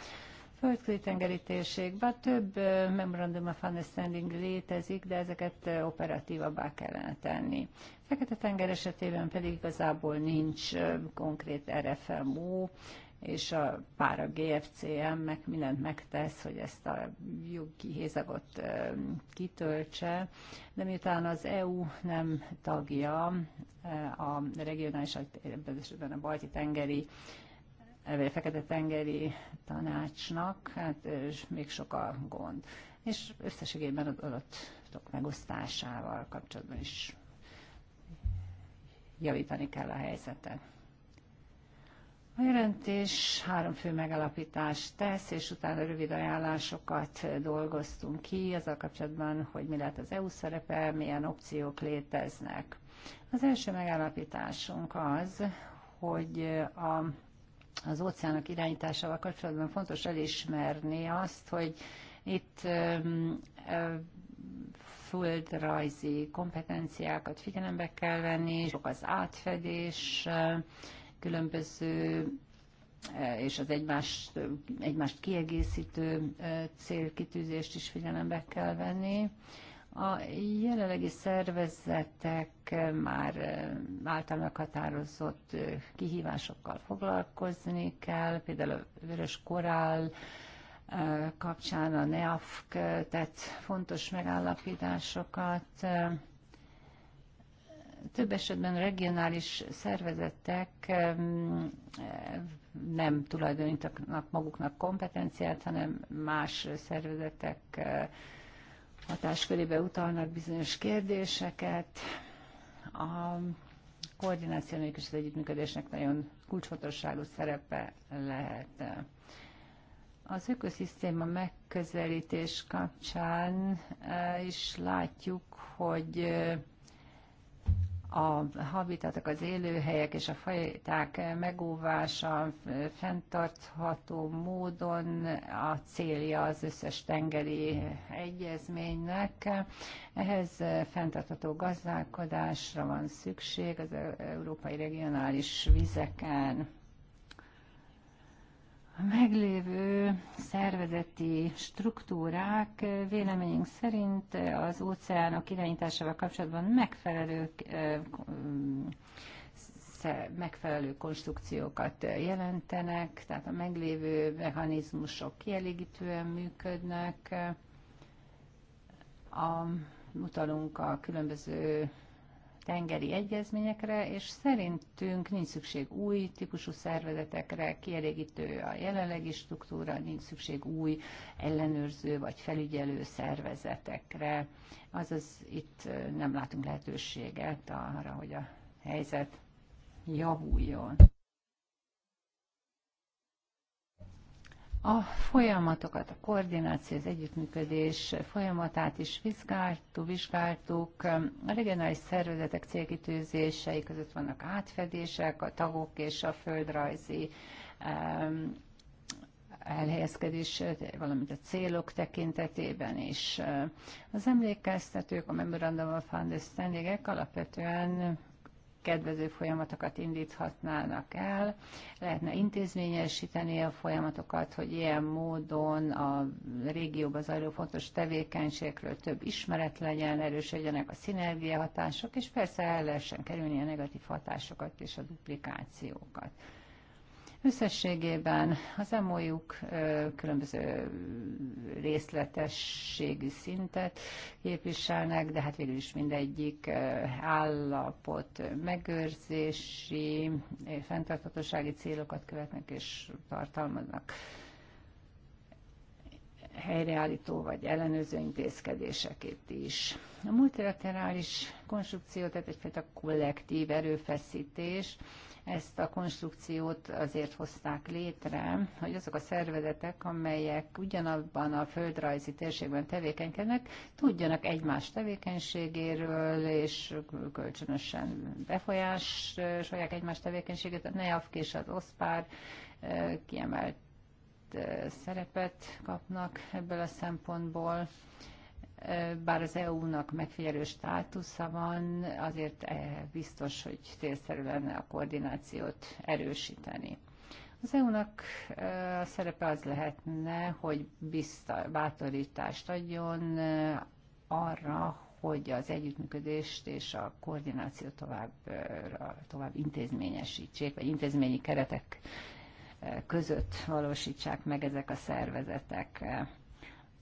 földközi tengeri térségben több memorandum of understanding létezik, de ezeket operatívabbá kellene tenni. Fekete tenger esetében pedig igazából nincs konkrét RFMU, és a pár a gfcm meg mindent megtesz, hogy ezt a jogi hézagot kitöltse, de miután az EU nem tagja a regionális, ebben a balti tengeri Fekete-tengeri tanácsnak, hát még sok a gond. És összességében az adatok megosztásával kapcsolatban is javítani kell a helyzetet. A jelentés három fő megalapítást tesz, és utána rövid ajánlásokat dolgoztunk ki azzal kapcsolatban, hogy mi lehet az EU szerepe, milyen opciók léteznek. Az első megállapításunk az, hogy a az óceánok irányításával kapcsolatban fontos elismerni azt, hogy itt földrajzi kompetenciákat figyelembe kell venni, sok az átfedés, különböző és az egymást, egymást kiegészítő célkitűzést is figyelembe kell venni. A jelenlegi szervezetek eh, már eh, által meghatározott eh, kihívásokkal foglalkozni kell, például a Vörös Korál kapcsán a NEAFK tett fontos megállapításokat. Több esetben regionális szervezetek nem tulajdonítanak maguknak kompetenciát, hanem más szervezetek hatáskörébe utalnak bizonyos kérdéseket. A koordinációnak és az együttműködésnek nagyon kulcsfontosságú szerepe lehet. Az ökoszisztéma megközelítés kapcsán eh, is látjuk, hogy eh, a habitatok, az élőhelyek és a fajták megóvása fenntartható módon a célja az összes tengeri egyezménynek. Ehhez fenntartható gazdálkodásra van szükség az európai regionális vizeken meglévő szervezeti struktúrák véleményünk szerint az óceánok irányításával kapcsolatban megfelelő megfelelő konstrukciókat jelentenek, tehát a meglévő mechanizmusok kielégítően működnek, a, utalunk a különböző tengeri egyezményekre, és szerintünk nincs szükség új típusú szervezetekre, kielégítő a jelenlegi struktúra, nincs szükség új ellenőrző vagy felügyelő szervezetekre. Azaz itt nem látunk lehetőséget arra, hogy a helyzet javuljon. A folyamatokat, a koordináció, az együttműködés folyamatát is vizsgáltuk, vizsgáltuk. A regionális szervezetek célkitűzései között vannak átfedések, a tagok és a földrajzi elhelyezkedés, valamint a célok tekintetében is. Az emlékeztetők, a Memorandum of Understanding-ek alapvetően kedvező folyamatokat indíthatnának el, lehetne intézményesíteni a folyamatokat, hogy ilyen módon a régióban zajló fontos tevékenységről több ismeret legyen, erősödjenek a szinergia hatások, és persze el lehessen kerülni a negatív hatásokat és a duplikációkat. Összességében az emoljuk különböző részletességű szintet képviselnek, de hát végül is mindegyik állapot megőrzési, fenntarthatósági célokat követnek és tartalmaznak helyreállító vagy ellenőrző intézkedéseket is. A multilaterális konstrukció, tehát egyfajta kollektív erőfeszítés, ezt a konstrukciót azért hozták létre, hogy azok a szervezetek, amelyek ugyanabban a földrajzi térségben tevékenykednek, tudjanak egymás tevékenységéről, és kölcsönösen befolyásolják egymás tevékenységét. A NEAFK és az OSPÁR eh, kiemelt eh, szerepet kapnak ebből a szempontból bár az EU-nak megfigyelő státusza van, azért eh, biztos, hogy célszerű lenne a koordinációt erősíteni. Az EU-nak eh, a szerepe az lehetne, hogy bizta, bátorítást adjon eh, arra, hogy az együttműködést és a koordinációt tovább, tovább intézményesítsék, vagy intézményi keretek között valósítsák meg ezek a szervezetek.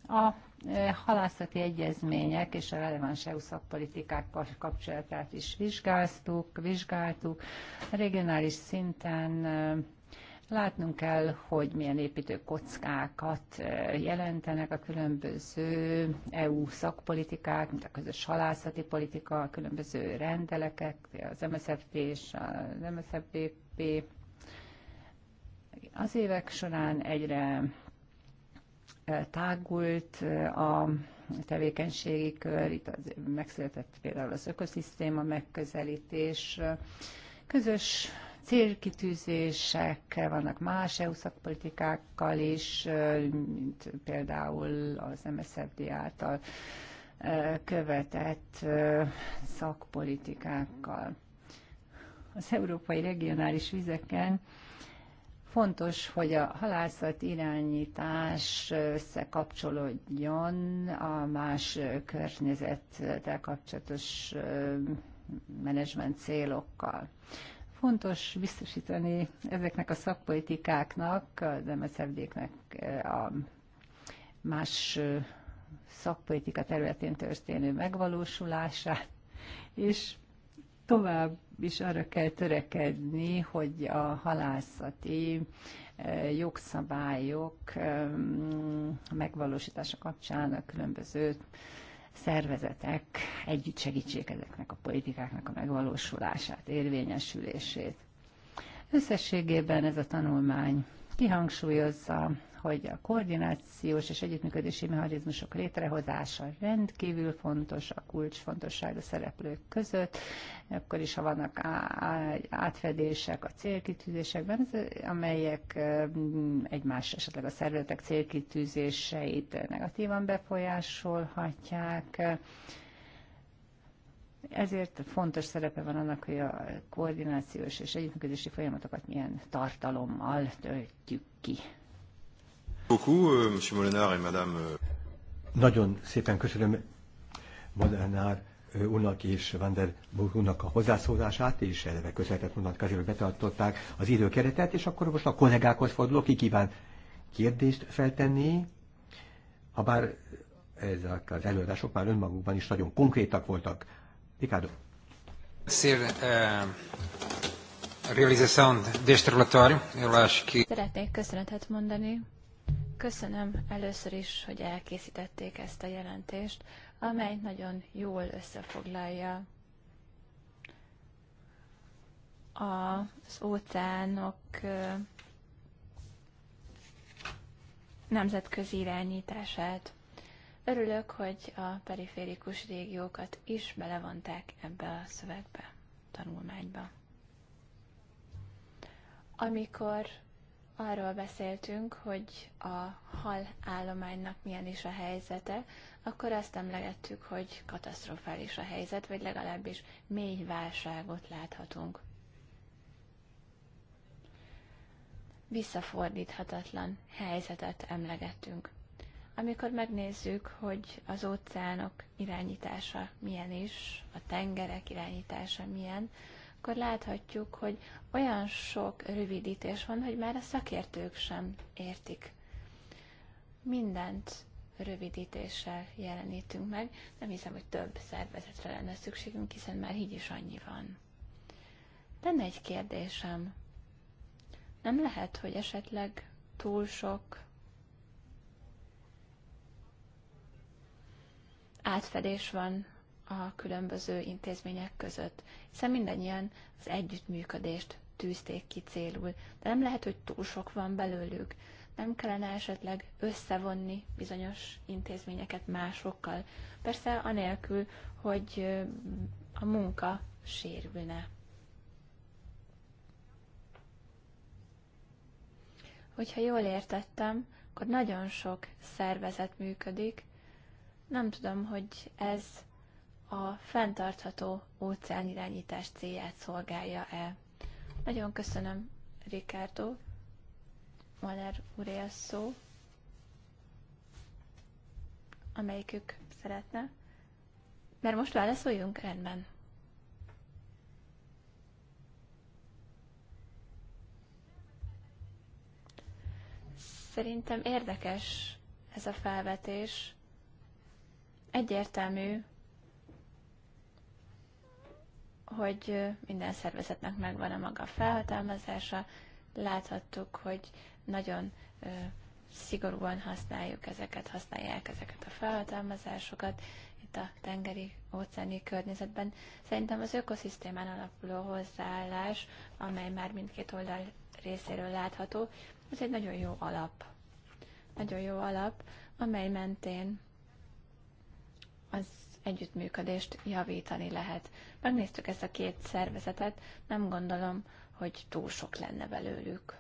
A halászati egyezmények és a releváns EU szakpolitikák kapcsolatát is vizsgáztuk, vizsgáltuk. A regionális szinten látnunk kell, hogy milyen építő kockákat jelentenek a különböző EU szakpolitikák, mint a közös halászati politika, a különböző rendelekek, az MSZFT és az MSZFDP. Az évek során egyre tágult a tevékenységi kör, itt az, megszületett például az ökoszisztéma megközelítés, közös célkitűzések vannak más EU szakpolitikákkal is, mint például az MSZFD által követett szakpolitikákkal. Az európai regionális vizeken Fontos, hogy a halászat irányítás összekapcsolódjon a más környezettel kapcsolatos menedzsment célokkal. Fontos biztosítani ezeknek a szakpolitikáknak, az MSZFD-knek a más szakpolitika területén történő megvalósulását, és tovább is arra kell törekedni, hogy a halászati eh, jogszabályok eh, mm, megvalósítása kapcsán a különböző szervezetek együtt segítsék ezeknek a politikáknak a megvalósulását, érvényesülését. Összességében ez a tanulmány kihangsúlyozza hogy a koordinációs és együttműködési mechanizmusok létrehozása rendkívül fontos a kulcsfontosságú szereplők között, akkor is, ha vannak átfedések a célkitűzésekben, amelyek eh, egymás esetleg a szervezetek célkitűzéseit negatívan befolyásolhatják. Ezért fontos szerepe van annak, hogy a koordinációs és együttműködési folyamatokat milyen tartalommal töltjük ki. Euh, euh. Nagyon szépen köszönöm Molenár euh, úrnak és Van der Burg a hozzászólását, és eleve köszönhetett mondat kezéről betartották az időkeretet, és akkor most a kollégákhoz fordulok, ki kíván kérdést feltenni, ha bár ezek az előadások már önmagukban is nagyon konkrétak voltak. Ricardo. Uh, Szeretnék köszönetet mondani Köszönöm először is, hogy elkészítették ezt a jelentést, amely nagyon jól összefoglalja az óceánok nemzetközi irányítását. Örülök, hogy a periférikus régiókat is belevonták ebbe a szövegbe, tanulmányba. Amikor arról beszéltünk, hogy a hal állománynak milyen is a helyzete, akkor azt emlegettük, hogy katasztrofális a helyzet, vagy legalábbis mély válságot láthatunk. Visszafordíthatatlan helyzetet emlegettünk. Amikor megnézzük, hogy az óceánok irányítása milyen is, a tengerek irányítása milyen, akkor láthatjuk, hogy olyan sok rövidítés van, hogy már a szakértők sem értik. Mindent rövidítéssel jelenítünk meg. Nem hiszem, hogy több szervezetre lenne szükségünk, hiszen már így is annyi van. Lenne egy kérdésem. Nem lehet, hogy esetleg túl sok átfedés van a különböző intézmények között, hiszen mindannyian az együttműködést tűzték ki célul, de nem lehet, hogy túl sok van belőlük. Nem kellene esetleg összevonni bizonyos intézményeket másokkal, persze anélkül, hogy a munka sérülne. Hogyha jól értettem, akkor nagyon sok szervezet működik. Nem tudom, hogy ez a fenntartható óceánirányítás célját szolgálja el. Nagyon köszönöm, Ricardo. Maler úré a szó, amelyikük szeretne. Mert most válaszoljunk? Rendben. Szerintem érdekes ez a felvetés. Egyértelmű, hogy minden szervezetnek megvan a maga felhatalmazása. Láthattuk, hogy nagyon szigorúan használjuk ezeket, használják ezeket a felhatalmazásokat itt a tengeri óceáni környezetben. Szerintem az ökoszisztémán alapuló hozzáállás, amely már mindkét oldal részéről látható, ez egy nagyon jó alap. Nagyon jó alap, amely mentén az együttműködést javítani lehet. Megnéztük ezt a két szervezetet, nem gondolom, hogy túl sok lenne belőlük.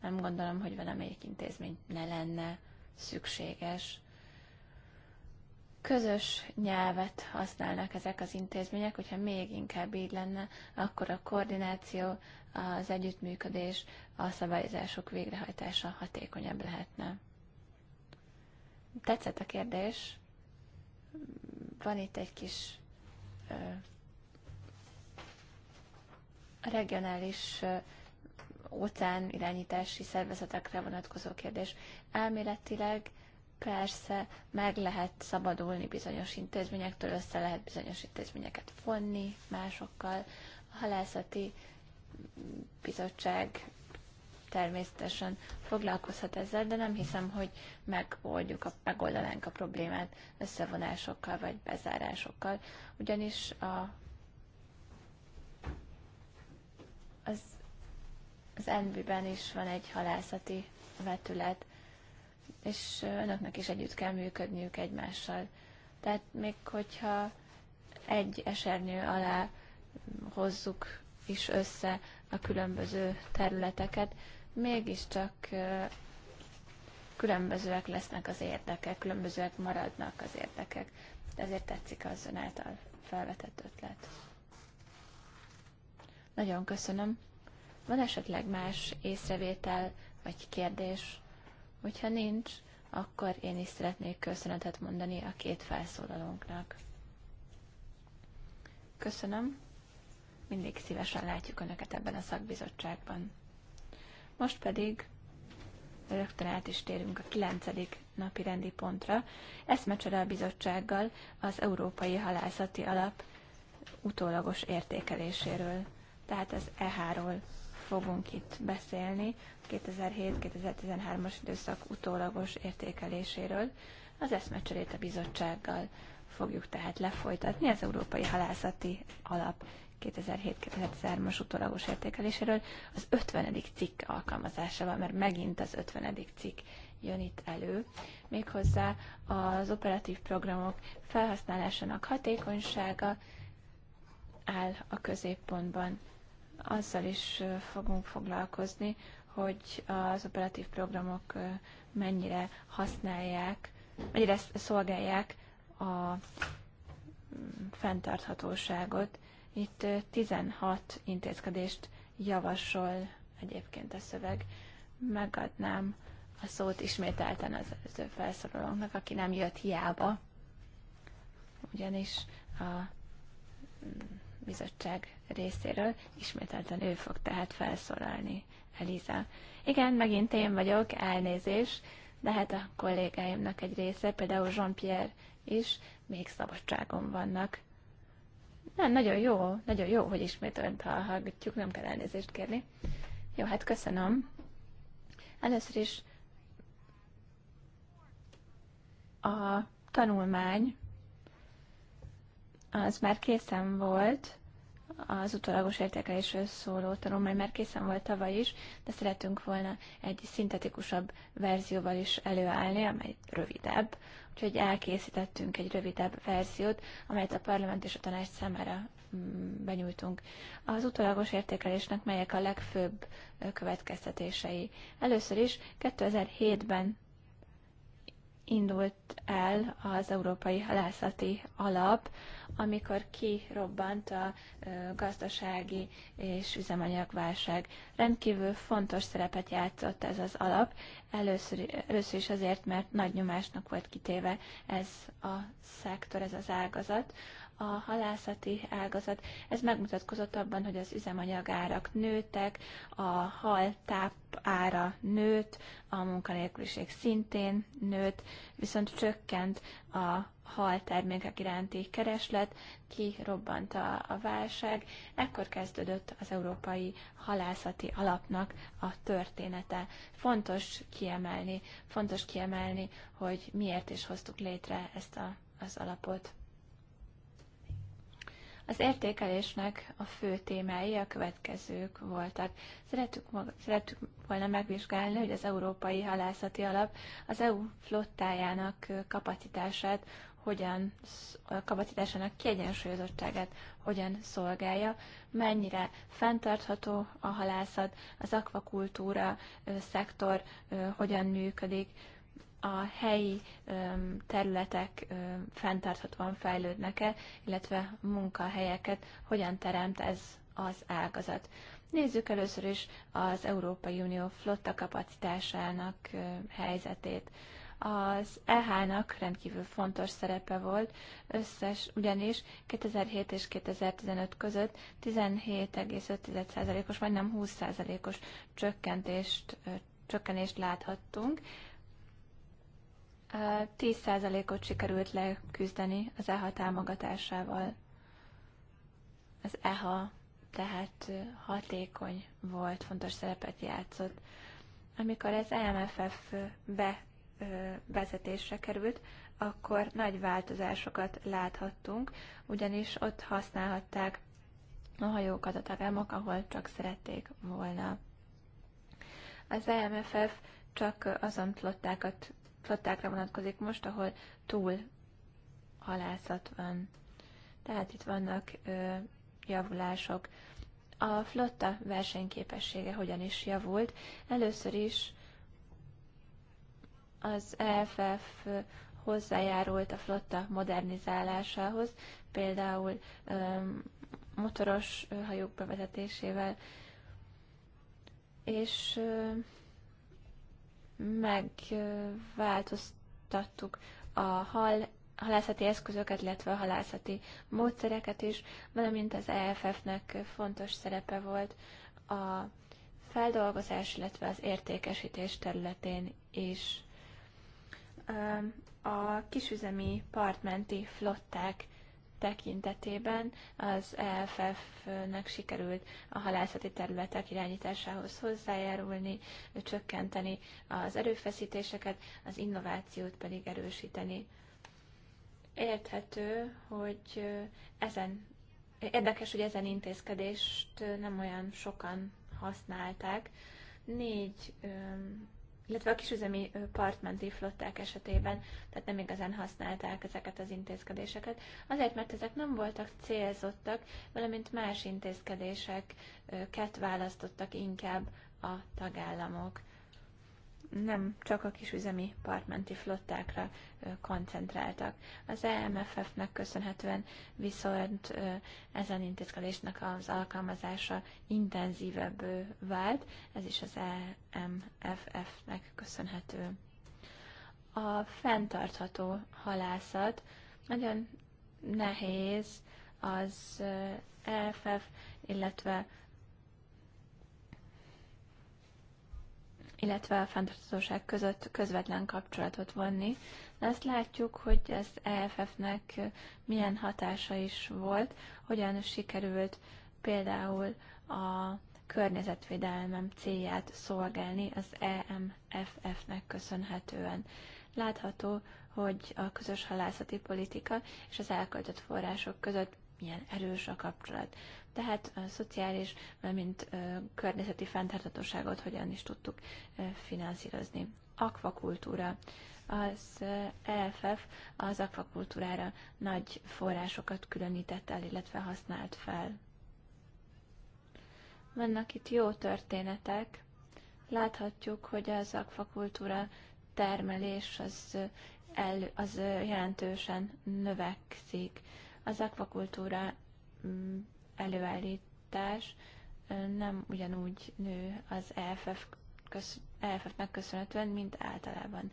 Nem gondolom, hogy valamelyik intézmény ne lenne szükséges. Közös nyelvet használnak ezek az intézmények, hogyha még inkább így lenne, akkor a koordináció, az együttműködés, a szabályozások végrehajtása hatékonyabb lehetne. Tetszett a kérdés. Van itt egy kis ö, regionális ö, óceán irányítási szervezetekre vonatkozó kérdés. Elméletileg persze meg lehet szabadulni bizonyos intézményektől, össze lehet bizonyos intézményeket fonni másokkal. A halászati bizottság természetesen foglalkozhat ezzel, de nem hiszem, hogy megoldjuk a, megoldanánk a problémát összevonásokkal vagy bezárásokkal, ugyanis a, az, az envy is van egy halászati vetület, és önöknek is együtt kell működniük egymással. Tehát még hogyha egy esernyő alá hozzuk is össze a különböző területeket, mégiscsak különbözőek lesznek az érdekek, különbözőek maradnak az érdekek. De azért tetszik az ön által felvetett ötlet. Nagyon köszönöm. Van esetleg más észrevétel vagy kérdés? Hogyha nincs, akkor én is szeretnék köszönetet mondani a két felszólalónknak. Köszönöm. Mindig szívesen látjuk Önöket ebben a szakbizottságban. Most pedig rögtön át is térünk a kilencedik napi rendi pontra. Eszmecsere a bizottsággal az Európai Halászati Alap utólagos értékeléséről. Tehát az EH-ról fogunk itt beszélni, 2007-2013-as időszak utólagos értékeléséről. Az eszmecserét a bizottsággal fogjuk tehát lefolytatni az Európai Halászati Alap 2007 2003 as utólagos értékeléséről az 50. cikk alkalmazásával, mert megint az 50. cikk jön itt elő, méghozzá az operatív programok felhasználásának hatékonysága áll a középpontban. Azzal is fogunk foglalkozni, hogy az operatív programok mennyire használják, mennyire szolgálják a mm, fenntarthatóságot, itt 16 intézkedést javasol egyébként a szöveg. Megadnám a szót ismételten az előző felszólalónak, aki nem jött hiába, ugyanis a mm, bizottság részéről ismételten ő fog tehát felszólalni, Eliza. Igen, megint én vagyok, elnézés, de hát a kollégáimnak egy része, például Jean-Pierre is, még szabadságon vannak. Na, nagyon jó, nagyon jó, hogy ismét önt hallgatjuk, nem kell elnézést kérni. Jó, hát köszönöm. Először is a tanulmány az már készen volt, az utolagos értékelésről szóló tanulmány már készen volt tavaly is, de szeretünk volna egy szintetikusabb verzióval is előállni, amely rövidebb. Úgyhogy elkészítettünk egy rövidebb verziót, amelyet a parlament és a tanács számára mm, benyújtunk. Az utolagos értékelésnek melyek a legfőbb következtetései? Először is 2007-ben indult el az Európai Halászati Alap, amikor kirobbant a gazdasági és üzemanyagválság. Rendkívül fontos szerepet játszott ez az alap, először, először is azért, mert nagy nyomásnak volt kitéve ez a szektor, ez az ágazat a halászati ágazat. Ez megmutatkozott abban, hogy az üzemanyagárak nőtek, a hal táp ára nőtt, a munkanélküliség szintén nőtt, viszont csökkent a hal termékek iránti kereslet, kirobbant a, a válság, ekkor kezdődött az európai halászati alapnak a története. Fontos kiemelni, fontos kiemelni, hogy miért is hoztuk létre ezt a, az alapot. Az értékelésnek a fő témái a következők voltak. Szerettük, szerettük volna megvizsgálni, hogy az Európai Halászati Alap az EU flottájának kapacitását hogyan a kapacitásának kiegyensúlyozottságát hogyan szolgálja, mennyire fenntartható a halászat, az akvakultúra szektor hogyan működik, a helyi területek fenntarthatóan fejlődnek-e, illetve munkahelyeket hogyan teremt ez az ágazat. Nézzük először is az Európai Unió flotta kapacitásának helyzetét. Az EH-nak rendkívül fontos szerepe volt, összes, ugyanis 2007 és 2015 között 17,5%-os, majdnem 20%-os csökkentést, csökkenést láthattunk, 10%-ot sikerült leküzdeni az EHA támogatásával. Az EHA tehát hatékony volt, fontos szerepet játszott. Amikor az EMFF bevezetésre került, akkor nagy változásokat láthattunk, ugyanis ott használhatták a hajókat a tagállamok, ahol csak szerették volna. Az EMFF csak azon flottákat flottákra vonatkozik most, ahol túl halászat van. Tehát itt vannak ö, javulások. A flotta versenyképessége hogyan is javult? Először is az EFF hozzájárult a flotta modernizálásához, például ö, motoros hajók bevezetésével, és megváltoztattuk a hal halászati eszközöket, illetve a halászati módszereket is, valamint az EFF-nek fontos szerepe volt a feldolgozás, illetve az értékesítés területén is. A kisüzemi partmenti flották tekintetében az EFF-nek sikerült a halászati területek irányításához hozzájárulni, csökkenteni az erőfeszítéseket, az innovációt pedig erősíteni. Érthető, hogy ezen Érdekes, hogy ezen intézkedést nem olyan sokan használták. Négy illetve a kisüzemi partmenti flották esetében, tehát nem igazán használták ezeket az intézkedéseket, azért, mert ezek nem voltak célzottak, valamint más intézkedéseket választottak inkább a tagállamok nem csak a kisüzemi partmenti flottákra koncentráltak. Az EMFF-nek köszönhetően viszont ezen intézkedésnek az alkalmazása intenzívebb vált, ez is az EMFF-nek köszönhető. A fenntartható halászat nagyon nehéz az EFF, illetve illetve a fenntarthatóság között közvetlen kapcsolatot vonni. De azt látjuk, hogy ez EFF-nek milyen hatása is volt, hogyan sikerült például a környezetvédelmem célját szolgálni az EMFF-nek köszönhetően. Látható, hogy a közös halászati politika és az elköltött források között milyen erős a kapcsolat. Tehát a szociális, valamint környezeti fenntartatóságot hogyan is tudtuk finanszírozni. Akvakultúra. Az EFF az akvakultúrára nagy forrásokat különített el, illetve használt fel. Vannak itt jó történetek. Láthatjuk, hogy az akvakultúra termelés az, el, az jelentősen növekszik. Az akvakultúra mm, előállítás nem ugyanúgy nő az EFF köz, EFF-nek köszönhetően, mint általában.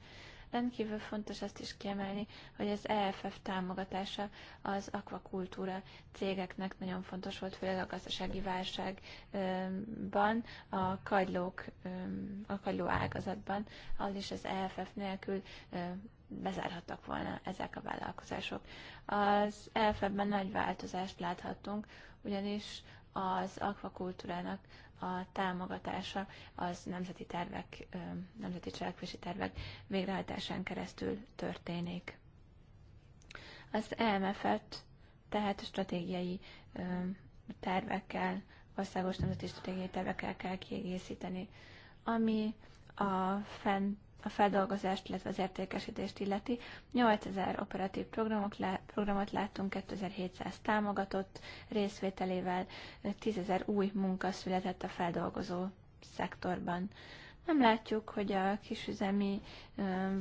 Rendkívül fontos azt is kiemelni, hogy az EFF támogatása az akvakultúra cégeknek nagyon fontos volt, főleg a gazdasági válságban, a kagylók, a kagyló ágazatban, az is az EFF nélkül bezárhattak volna ezek a vállalkozások. Az elfebben nagy változást láthattunk, ugyanis az akvakultúrának a támogatása az nemzeti tervek, nemzeti cselekvési tervek végrehajtásán keresztül történik. Az EMF-et tehát stratégiai tervekkel, országos nemzeti stratégiai tervekkel kell kiegészíteni, ami a fent a feldolgozást, illetve az értékesítést illeti. 8000 operatív programok, programot láttunk, 2700 támogatott részvételével, 10.000 új munka született a feldolgozó szektorban. Nem látjuk, hogy a kisüzemi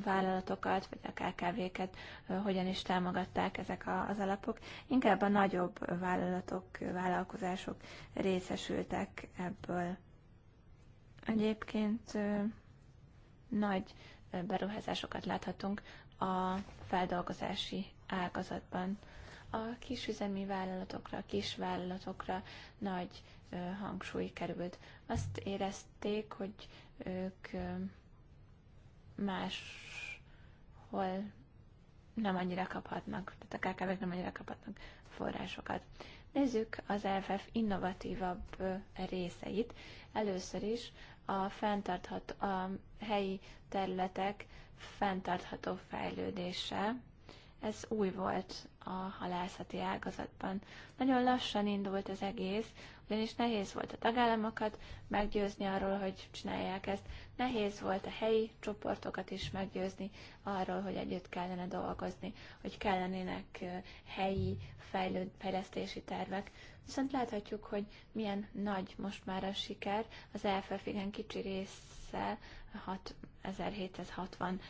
vállalatokat, vagy a KKV-ket hogyan is támogatták ezek az alapok. Inkább a nagyobb vállalatok, vállalkozások részesültek ebből. Egyébként nagy beruházásokat láthatunk a feldolgozási ágazatban. A kisüzemi vállalatokra, a kisvállalatokra nagy hangsúly került. Azt érezték, hogy ők máshol nem annyira kaphatnak, tehát a kkv nem annyira kaphatnak forrásokat. Nézzük az LFF innovatívabb részeit. Először is a fenntarthat, a helyi területek fenntartható fejlődése. Ez új volt a halászati ágazatban. Nagyon lassan indult az egész, ugyanis nehéz volt a tagállamokat meggyőzni arról, hogy csinálják ezt, nehéz volt a helyi csoportokat is meggyőzni arról, hogy együtt kellene dolgozni, hogy kellenének helyi fejlesztési tervek, Viszont láthatjuk, hogy milyen nagy most már a siker. Az EFF igen kicsi része, 6760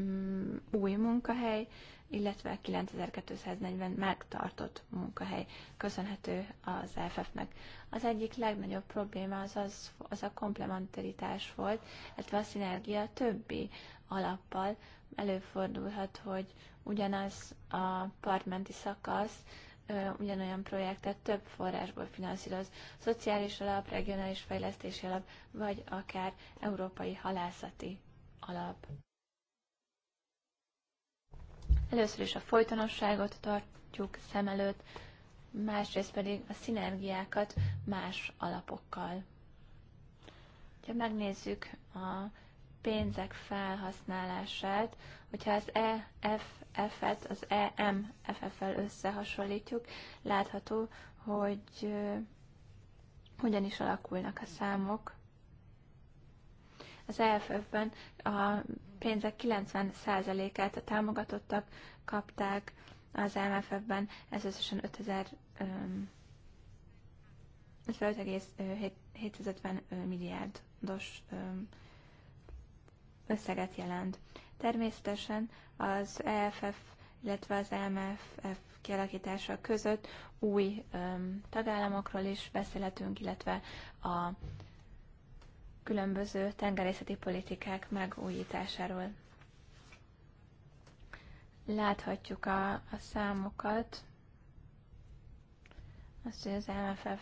mm, új munkahely, illetve 9240 megtartott munkahely köszönhető az EFF-nek. Az egyik legnagyobb probléma az, az, az a komplementaritás volt, illetve a szinergia többi alappal előfordulhat, hogy ugyanaz a partmenti szakasz ugyanolyan projektet több forrásból finanszíroz, szociális alap, regionális fejlesztési alap, vagy akár európai halászati alap. Először is a folytonosságot tartjuk szem előtt, másrészt pedig a szinergiákat más alapokkal. Ha megnézzük a pénzek felhasználását, hogyha az EFF-et az EMFF-el összehasonlítjuk, látható, hogy hogyan is alakulnak a számok. Az EFF-ben a pénzek 90%-át a támogatottak kapták, az emff ben ez összesen 5000 55,750 milliárdos összeget jelent. Természetesen az EFF, illetve az MFF kialakítása között új öm, tagállamokról is beszélhetünk, illetve a különböző tengerészeti politikák megújításáról. Láthatjuk a, a számokat, azt, hogy az MFF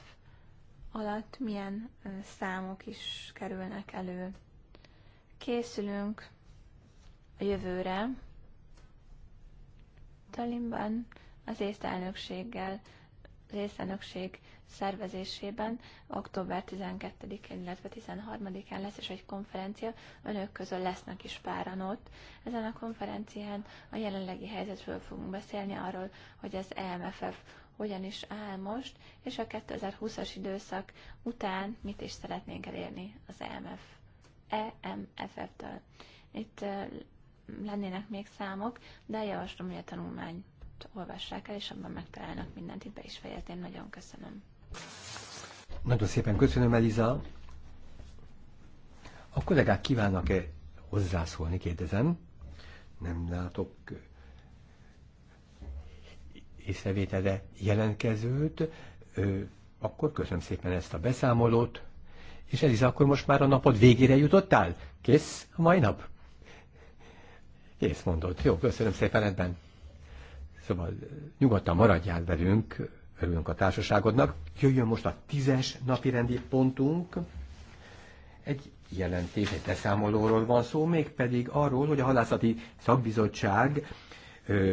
alatt milyen számok is kerülnek elő. Készülünk a jövőre Tallinnban az észtelnökséggel, az észtelnökség szervezésében október 12-én, illetve 13-án lesz is egy konferencia, önök közül lesznek is páran ott. Ezen a konferencián a jelenlegi helyzetről fogunk beszélni, arról, hogy az EMFF hogyan is áll most, és a 2020-as időszak után mit is szeretnénk elérni az EMF EMFF-től. Itt lennének még számok, de javaslom, hogy a tanulmányt olvassák el, és abban megtalálnak mindent. Itt be is fejezném. Nagyon köszönöm. Nagyon szépen köszönöm, Eliza. A kollégák kívánnak-e hozzászólni, kérdezem. Nem látok észrevételre jelentkezőt. Ö, akkor köszönöm szépen ezt a beszámolót. És is akkor most már a napod végére jutottál? Kész a mai nap? Kész mondod. Jó, köszönöm szépen, ebben. Szóval nyugodtan maradjál velünk, örülünk a társaságodnak. Jöjjön most a tízes napi rendi pontunk. Egy jelentés, egy leszámolóról van szó, mégpedig arról, hogy a halászati szakbizottság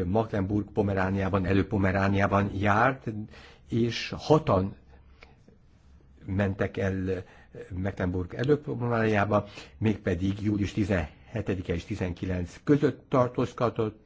Magdeburg Pomerániában, előpomerániában járt, és hatan mentek el eh, Mecklenburg előpróbálójába, mégpedig július 17-e és 19 között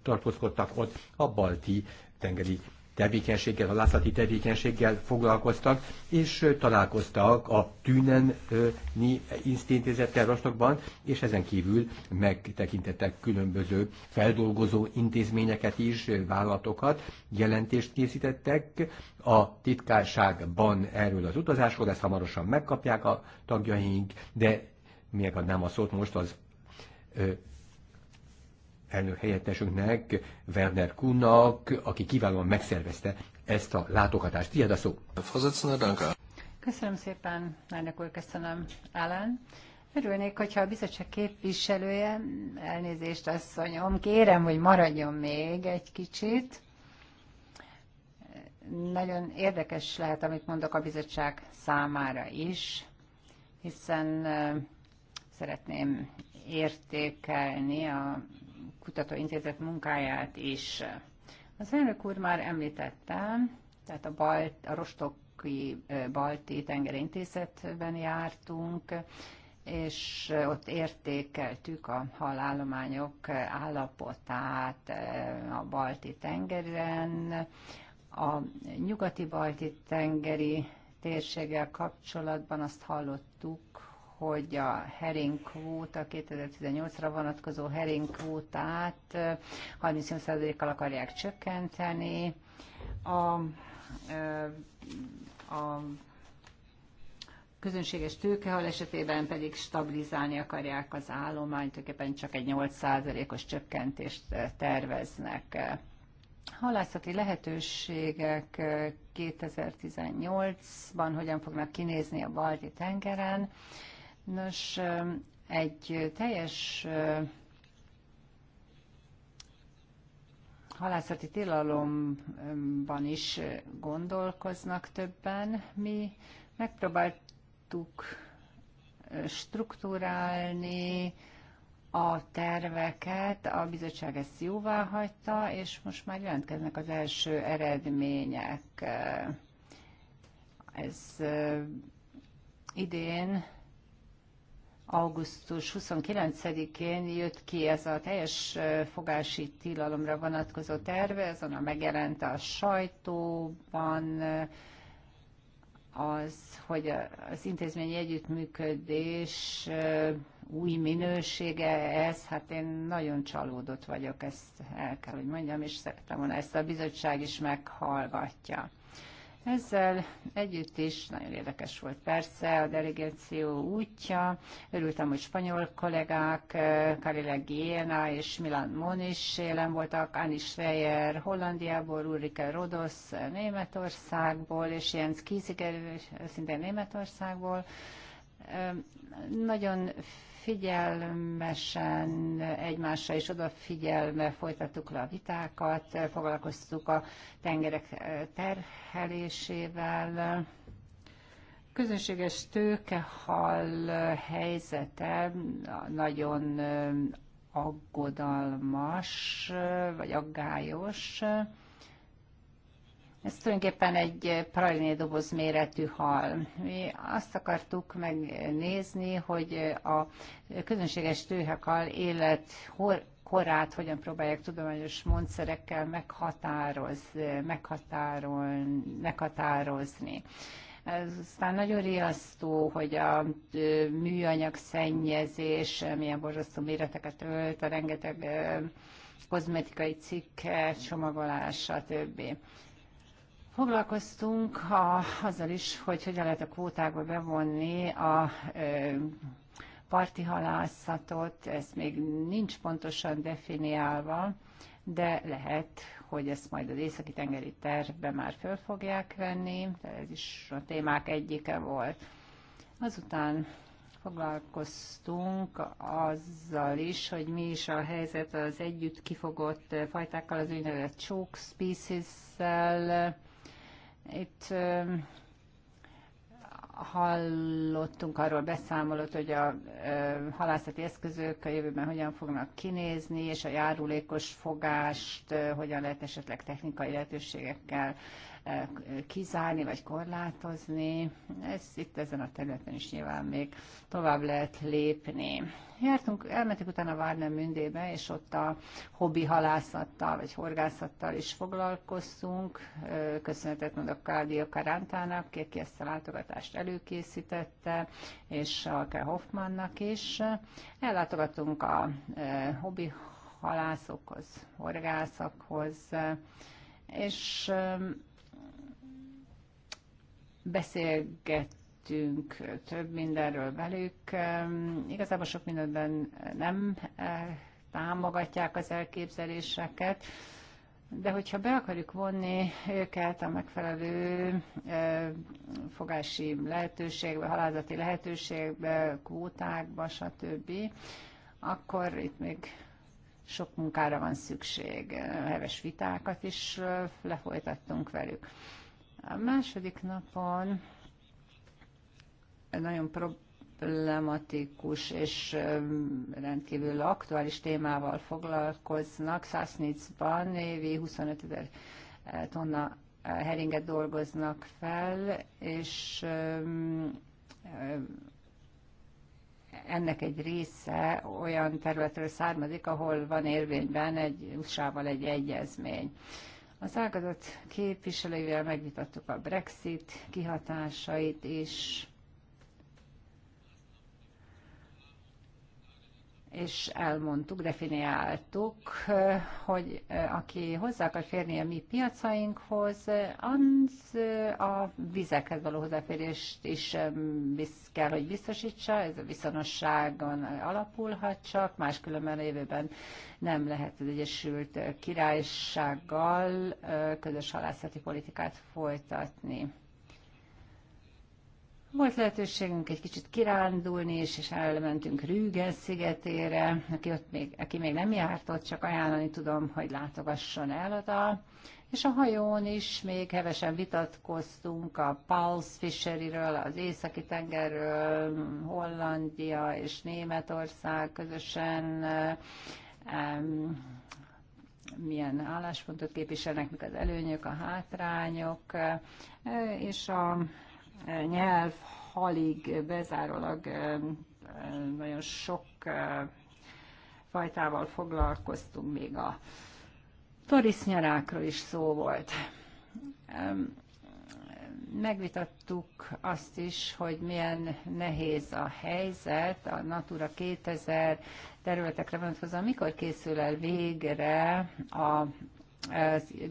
tartózkodtak ott a balti tengeri tevékenységgel, halászati tevékenységgel foglalkoztak, és találkoztak a tűnenni Intézettel Rostokban, és ezen kívül megtekintettek különböző feldolgozó intézményeket is, vállalatokat, jelentést készítettek a titkárságban erről az utazásról, ezt hamarosan megkapják a tagjaink, de miért adnám a szót most az elnök helyettesünknek, Werner Kunnak, aki kiválóan megszervezte ezt a látogatást. Tiéd a szó. Köszönöm szépen, elnök úr, köszönöm, Alan. Örülnék, hogyha a bizottság képviselője, elnézést asszonyom, kérem, hogy maradjon még egy kicsit. Nagyon érdekes lehet, amit mondok a bizottság számára is, hiszen szeretném értékelni a Kutatóintézet munkáját is. Az elnök úr már említette, tehát a, Balt, a Rostoki Balti Tengerintézetben jártunk, és ott értékeltük a halállományok állapotát a Balti tengeren, a nyugati balti tengeri térséggel kapcsolatban azt hallottuk, hogy a herring kvóta, 2018-ra vonatkozó herring kvótát 38%-kal akarják csökkenteni. A, a közönséges tőkehal esetében pedig stabilizálni akarják az állományt, tulajdonképpen csak egy 8%-os csökkentést terveznek. Halászati lehetőségek 2018-ban hogyan fognak kinézni a balti tengeren? Nos, egy teljes halászati tilalomban is gondolkoznak többen. Mi megpróbáltuk struktúrálni a terveket, a bizottság ezt jóvá hagyta, és most már jelentkeznek az első eredmények. Ez idén augusztus 29-én jött ki ez a teljes fogási tilalomra vonatkozó terve, azon a megjelent a sajtóban, az, hogy az intézményi együttműködés új minősége ez, hát én nagyon csalódott vagyok, ezt el kell, hogy mondjam, és szerettem volna ezt a bizottság is meghallgatja. Ezzel együtt is nagyon érdekes volt persze a delegáció útja. Örültem, hogy spanyol kollégák, eh, Karile Géna és Milan Mon is jelen voltak, Anni Schreier Hollandiából, Ulrike Rodosz Németországból, és Jens Kiesiger szintén Németországból. Nagyon figyelmesen egymásra is odafigyelve folytattuk le a vitákat, foglalkoztuk a tengerek terhelésével, közönséges tőkehal helyzete nagyon aggodalmas, vagy aggályos. Ez tulajdonképpen egy praliné doboz méretű hal. Mi azt akartuk megnézni, hogy a közönséges tőhekal élet korát hogyan próbálják tudományos módszerekkel meghatároz, meghatárol, meghatározni. Ez aztán nagyon riasztó, hogy a műanyag szennyezés milyen borzasztó méreteket ölt, a rengeteg kozmetikai cikk csomagolása, többi. Foglalkoztunk a, azzal is, hogy hogyan lehet a kvótákba bevonni a ö, parti halászatot, ez még nincs pontosan definiálva, de lehet, hogy ezt majd az északi tengeri tervbe már föl fogják venni, ez is a témák egyike volt. Azután foglalkoztunk azzal is, hogy mi is a helyzet az együtt kifogott fajtákkal, az úgynevezett choke species-szel, itt hallottunk arról beszámolót, hogy a halászati eszközök a jövőben hogyan fognak kinézni, és a járulékos fogást hogyan lehet esetleg technikai lehetőségekkel kizárni vagy korlátozni. Ez itt ezen a területen is nyilván még tovább lehet lépni. Jártunk, elmentük utána a Várnem Mündébe, és ott a hobbi halászattal vagy horgászattal is foglalkoztunk. Köszönetet mondok Claudio Karántának, aki ezt a látogatást előkészítette, és Alke Hoffmannak is. Ellátogatunk a hobbi halászokhoz, horgászokhoz, és beszélgettünk több mindenről velük. Igazából sok mindenben nem eh, támogatják az elképzeléseket, de hogyha be akarjuk vonni őket a megfelelő eh, fogási lehetőségbe, halázati lehetőségbe, kvótákba, stb., akkor itt még sok munkára van szükség. Eh, heves vitákat is lefolytattunk velük. A második napon nagyon problematikus és rendkívül aktuális témával foglalkoznak. Szásznicban évi 25 ezer eh, tonna eh, heringet dolgoznak fel, és eh, ennek egy része olyan területről származik, ahol van érvényben egy USA-val egy egyezmény. Az ágazat képviselőivel megvitattuk a Brexit kihatásait is, és elmondtuk, definiáltuk, hogy aki hozzá akar férni a mi piacainkhoz, az a vizekhez való hozzáférést is kell, hogy biztosítsa, ez a viszonosságon alapulhat csak, máskülönben a nem lehet az Egyesült Királysággal közös halászati politikát folytatni. Volt lehetőségünk egy kicsit kirándulni, és, és elmentünk Rügen szigetére, aki, ott még, aki még nem járt ott, csak ajánlani tudom, hogy látogasson el oda. És a hajón is még hevesen vitatkoztunk a Pulse Fisheriről, az északi tengerről, Hollandia és Németország közösen um, milyen álláspontot képviselnek, mik az előnyök, a hátrányok, és a nyelv halig bezárólag nagyon sok fajtával foglalkoztunk, még a torisznyarákról is szó volt. Megvitattuk azt is, hogy milyen nehéz a helyzet a Natura 2000 területekre vonatkozóan, mikor készül el végre a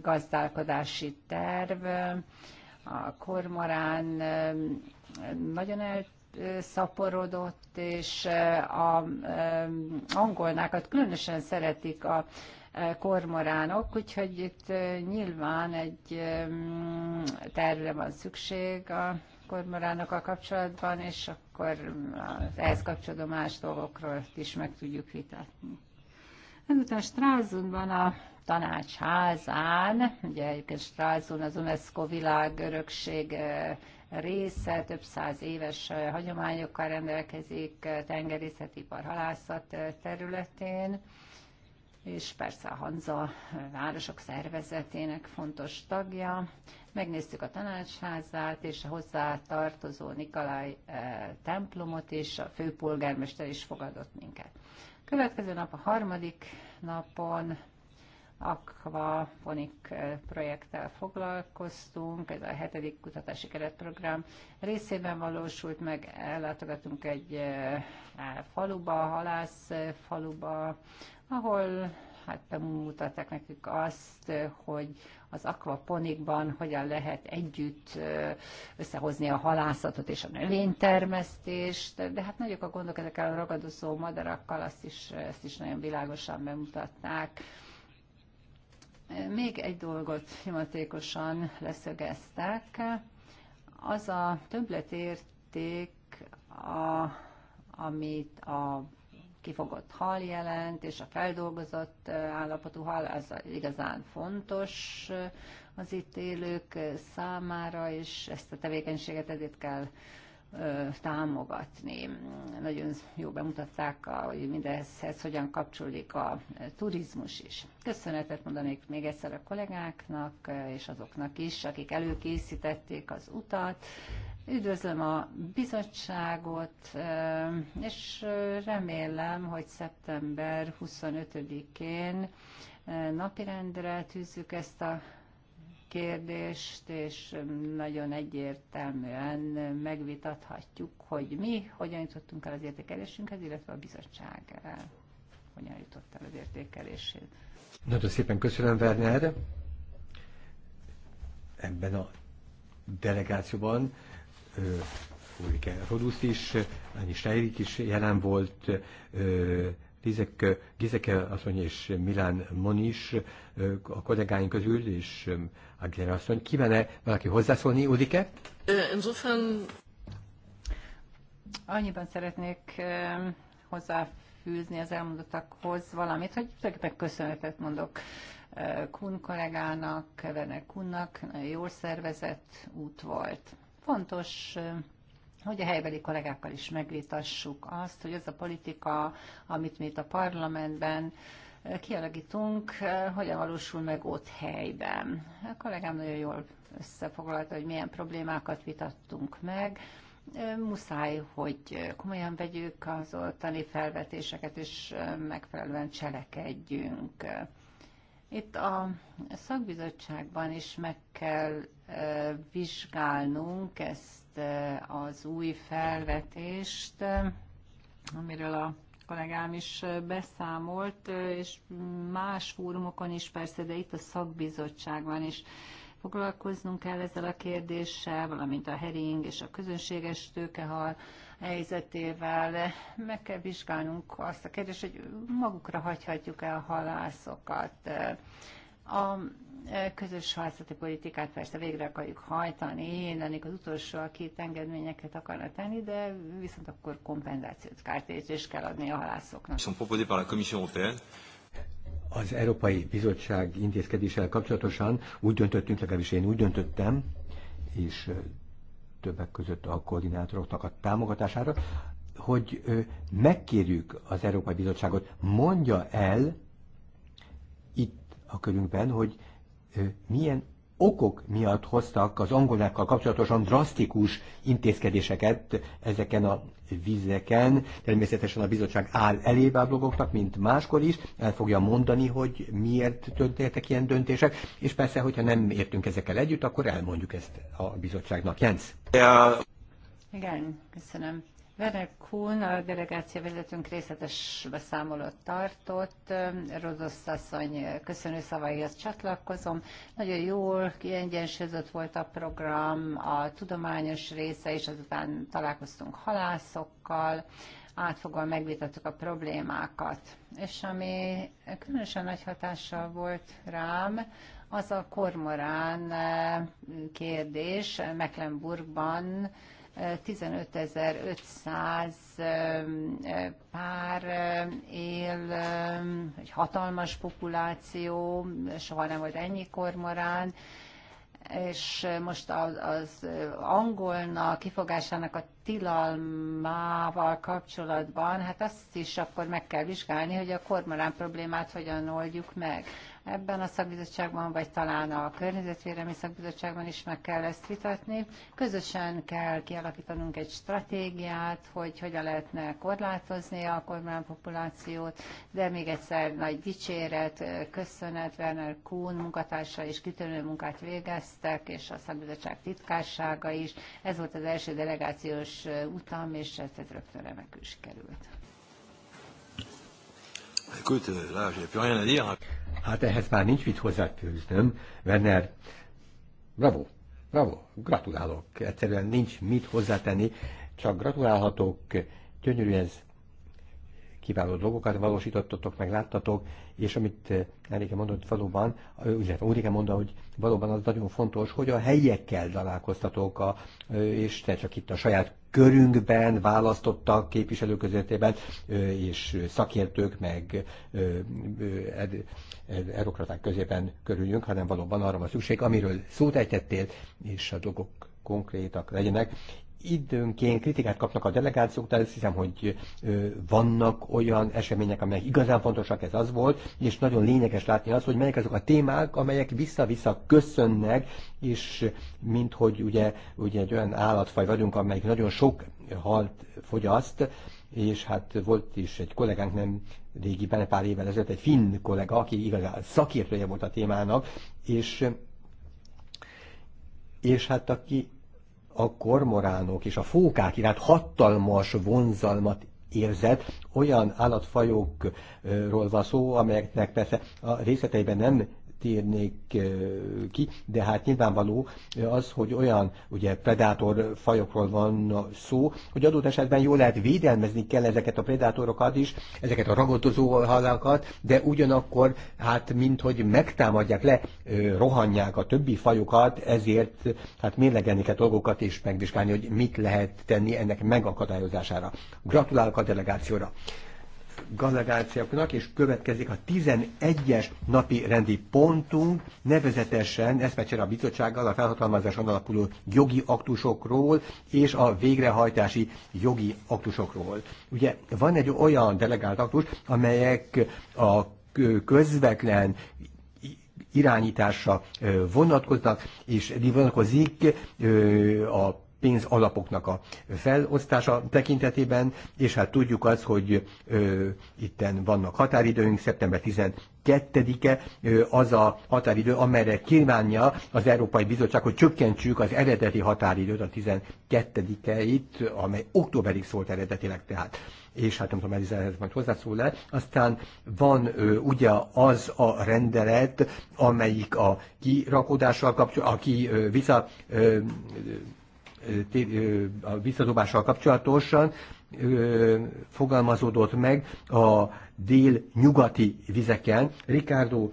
gazdálkodási terv, a kormorán nagyon el szaporodott, és eh, a angolnákat különösen szeretik a eh, kormoránok, úgyhogy itt eh, nyilván egy tervre van szükség a a kapcsolatban, és akkor ehhez kapcsolódó más dolgokról is meg tudjuk vitatni. Ezután Strázunkban a Tanácsházán, ugye egyébként Strázon az UNESCO világörökség része, több száz éves hagyományokkal rendelkezik tengerészetipar halászat területén, és persze a Hanza Városok Szervezetének fontos tagja. Megnéztük a tanácsházát és a hozzá tartozó Nikolaj templomot, és a főpolgármester is fogadott minket. Következő nap a harmadik napon akvaponik projekttel foglalkoztunk, ez a hetedik kutatási keretprogram részében valósult meg, ellátogatunk egy faluba, halász faluba, ahol hát bemutatták nekünk azt, hogy az akvaponikban hogyan lehet együtt összehozni a halászatot és a növénytermesztést, de hát nagyok a gondok ezekkel a ragadozó madarakkal, azt is, ezt is nagyon világosan bemutatták még egy dolgot nyomatékosan leszögeztek. Az a többletérték, a, amit a kifogott hal jelent, és a feldolgozott állapotú hal, az igazán fontos az itt élők számára, és ezt a tevékenységet ezért kell támogatni. Nagyon jó bemutatták, hogy mindezhez hogyan kapcsolódik a turizmus is. Köszönetet mondanék még egyszer a kollégáknak és azoknak is, akik előkészítették az utat. Üdvözlöm a bizottságot, és remélem, hogy szeptember 25-én napirendre tűzzük ezt a kérdést, és nagyon egyértelműen megvitathatjuk, hogy mi hogyan jutottunk el az értékelésünkhez, illetve a bizottság hogyan jutott el az értékelését. Nagyon szépen köszönöm, Werner. Ebben a delegációban Ulrike Rodusz is, Annyi Steyrik is jelen volt, ö, Lizek, Gizeke asszony és Milán Monis a kollégáink közül, és um, Aguilera asszony. Kívánne valaki hozzászólni, Udike? Annyiban szeretnék hozzáfűzni az elmondottakhoz valamit, hogy tulajdonképpen köszönetet mondok Kun kollégának, Kevene Kunnak, jól szervezett út volt. Fontos hogy a helybeli kollégákkal is megvitassuk azt, hogy az a politika, amit mi itt a parlamentben kialakítunk, hogyan valósul meg ott helyben. A kollégám nagyon jól összefoglalta, hogy milyen problémákat vitattunk meg. Muszáj, hogy komolyan vegyük az oltani felvetéseket, és megfelelően cselekedjünk. Itt a szakbizottságban is meg kell vizsgálnunk ezt ezt az új felvetést, amiről a kollégám is beszámolt, és más fórumokon is persze, de itt a szakbizottságban is foglalkoznunk kell ezzel a kérdéssel, valamint a hering és a közönséges tőkehal helyzetével. Meg kell vizsgálnunk azt a kérdést, hogy magukra hagyhatjuk el a halászokat. A e, közös harcati politikát persze végre akarjuk hajtani, lennék az utolsó, aki engedményeket akarna tenni, de viszont akkor kompenzációt, kártérítést kell adni a halászoknak. Az Európai Bizottság intézkedéssel kapcsolatosan úgy döntöttünk, legalábbis én úgy döntöttem, és többek között a koordinátoroknak a támogatására, hogy megkérjük az Európai Bizottságot, mondja el, a körünkben, hogy milyen okok miatt hoztak az angolákkal kapcsolatosan drasztikus intézkedéseket ezeken a vizeken. Természetesen a bizottság áll elébe a blogoknak, mint máskor is, el fogja mondani, hogy miért történtek ilyen döntések, és persze, hogyha nem értünk ezekkel együtt, akkor elmondjuk ezt a bizottságnak. Jens? Igen, köszönöm. Werner Kuhn, a delegáció vezetőnk részletes beszámolót tartott. Rodosz asszony köszönő szavaihoz csatlakozom. Nagyon jól kiegyensúlyozott volt a program, a tudományos része, és azután találkoztunk halászokkal, átfogóan megvitattuk a problémákat. És ami különösen nagy hatással volt rám, az a kormorán eh, kérdés Mecklenburgban, 15.500 pár él, egy hatalmas populáció, soha nem volt ennyi kormorán, és most az, az angolnak kifogásának a tilalmával kapcsolatban, hát azt is akkor meg kell vizsgálni, hogy a kormorán problémát hogyan oldjuk meg ebben a szakbizottságban, vagy talán a környezetvédelmi szakbizottságban is meg kell ezt vitatni. Közösen kell kialakítanunk egy stratégiát, hogy hogyan lehetne korlátozni a kormánypopulációt, de még egyszer nagy dicséret, köszönet Werner Kuhn munkatársa és kitörő munkát végeztek, és a szakbizottság titkársága is. Ez volt az első delegációs utam, és ez, ez rögtön remekül sikerült. Hát ehhez már nincs mit hozzáfűznöm, Werner. Bravo, bravo, gratulálok. Egyszerűen nincs mit hozzátenni, csak gratulálhatok. Gyönyörű ez. Kiváló dolgokat valósítottatok, meg láttatok és amit eh, Enrique mondott valóban, illetve eh, Úrike hát mondta, hogy valóban az nagyon fontos, hogy a helyekkel találkoztatók, a, eh, és ne csak itt a saját körünkben választottak képviselők közöttében, és szakértők, meg erokraták közében körüljünk, hanem valóban arra van szükség, amiről szót ejtettél, és a dolgok konkrétak legyenek, időnként kritikát kapnak a delegációk, de azt hiszem, hogy vannak olyan események, amelyek igazán fontosak, ez az volt, és nagyon lényeges látni az, hogy melyek azok a témák, amelyek vissza-vissza köszönnek, és mint hogy ugye, ugye egy olyan állatfaj vagyunk, amelyik nagyon sok halt fogyaszt, és hát volt is egy kollégánk nem régi, benne pár évvel ezelőtt, egy finn kollega, aki igazán szakértője volt a témának, és és hát aki a kormoránok és a fókák iránt hatalmas vonzalmat érzett, olyan állatfajokról van szó, amelyeknek persze a részleteiben nem térnék ki, de hát nyilvánvaló az, hogy olyan ugye predátor fajokról van szó, hogy adott esetben jól lehet védelmezni kell ezeket a predátorokat is, ezeket a ragadozó halakat, de ugyanakkor hát mint hogy megtámadják le, rohanják a többi fajokat, ezért hát mérlegelni kell dolgokat és megvizsgálni, hogy mit lehet tenni ennek megakadályozására. Gratulálok a delegációra! gazdagáciaknak, és következik a 11-es napi rendi pontunk, nevezetesen eszmecsere a bizottsággal a felhatalmazáson alapuló jogi aktusokról és a végrehajtási jogi aktusokról. Ugye van egy olyan delegált aktus, amelyek a közvetlen irányításra vonatkoznak, és vonatkozik a pénzalapoknak a felosztása tekintetében, és hát tudjuk azt, hogy ö, itten vannak határidőink, szeptember 12-e az a határidő, amelyre kívánja az Európai Bizottság, hogy csökkentsük az eredeti határidőt, a 12-eit, amely októberig szólt eredetileg tehát és hát nem tudom, ez ehhez majd hozzászól le. Aztán van ö, ugye az a rendelet, amelyik a kirakódással kapcsolatban, aki ö, vissza ö, a visszadobással kapcsolatosan fogalmazódott meg a dél-nyugati vizeken. Ricardo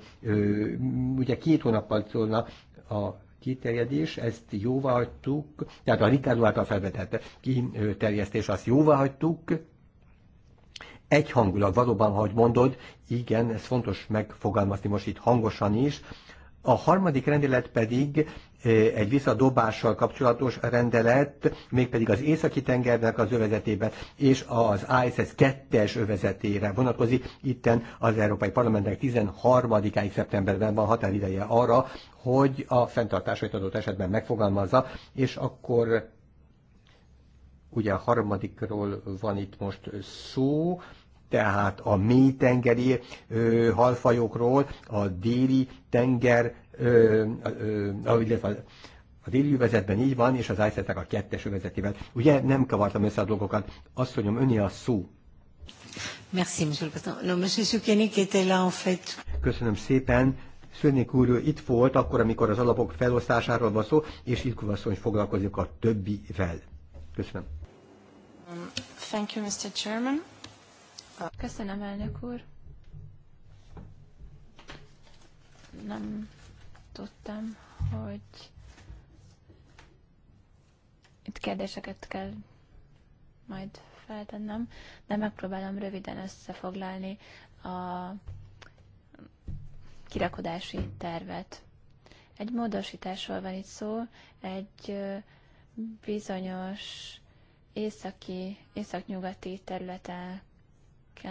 ugye két hónappal szólna a kiterjedés, ezt jóvá hagytuk, tehát a Ricardo által felvetett kiterjesztés, azt jóvá hagytuk, egyhangulag valóban, ahogy mondod, igen, ez fontos megfogalmazni most itt hangosan is, a harmadik rendelet pedig egy visszadobással kapcsolatos rendelet, mégpedig az északi tengernek az övezetében és az ISS 2-es övezetére vonatkozik. Itten az Európai Parlamentnek 13-áig szeptemberben van határideje arra, hogy a fenntartásait adott esetben megfogalmazza, és akkor ugye a harmadikról van itt most szó, tehát a mélytengeri halfajokról, a déli tenger illetve a déli övezetben így van, és az isz a kettes övezetében. Ugye nem kavartam össze a dolgokat. Azt mondjam, öné a szó. Merci, monsieur le président. Non, monsieur Soukenik était là, en fait. Köszönöm szépen. Szörnyék úr itt volt, akkor, amikor az alapok felosztásáról van szó, és itt asszony foglalkozik a többivel. Köszönöm. Thank you, Mr. Chairman. Köszönöm, elnök úr. Nem tartottam, hogy itt kérdéseket kell majd feltennem, de megpróbálom röviden összefoglalni a kirakodási tervet. Egy módosításról van itt szó, egy bizonyos északi, északnyugati területeken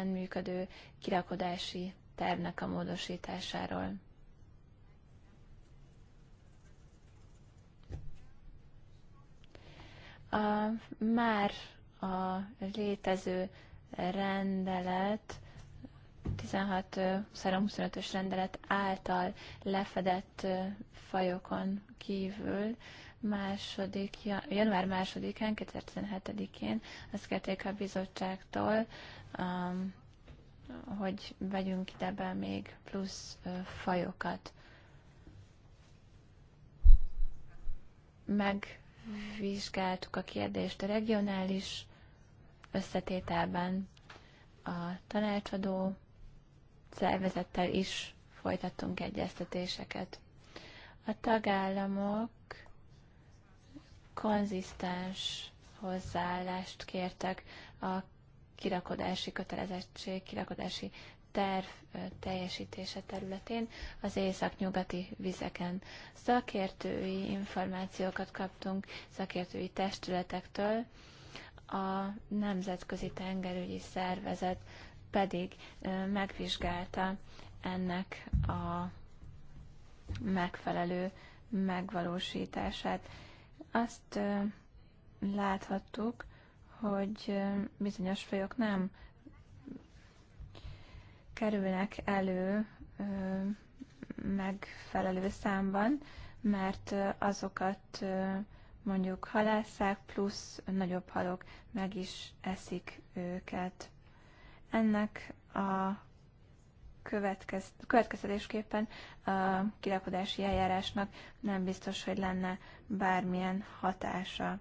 működő kirakodási tervnek a módosításáról. A, már a létező rendelet 16-25-ös rendelet által lefedett fajokon kívül második, január 2-án, 2017-én azt kérték a bizottságtól, um, hogy vegyünk ide be még plusz fajokat. Meg Vizsgáltuk a kérdést a regionális összetételben, a tanácsadó szervezettel is folytattunk egyeztetéseket. A tagállamok konzisztens hozzáállást kértek a kirakodási kötelezettség, kirakodási terv teljesítése területén az északnyugati vizeken. Szakértői információkat kaptunk szakértői testületektől, a Nemzetközi Tengerügyi Szervezet pedig megvizsgálta ennek a megfelelő megvalósítását. Azt láthattuk, hogy bizonyos fajok nem kerülnek elő megfelelő számban, mert azokat mondjuk halásszák, plusz nagyobb halok meg is eszik őket. Ennek a következ, következtetésképpen a kirakodási eljárásnak nem biztos, hogy lenne bármilyen hatása.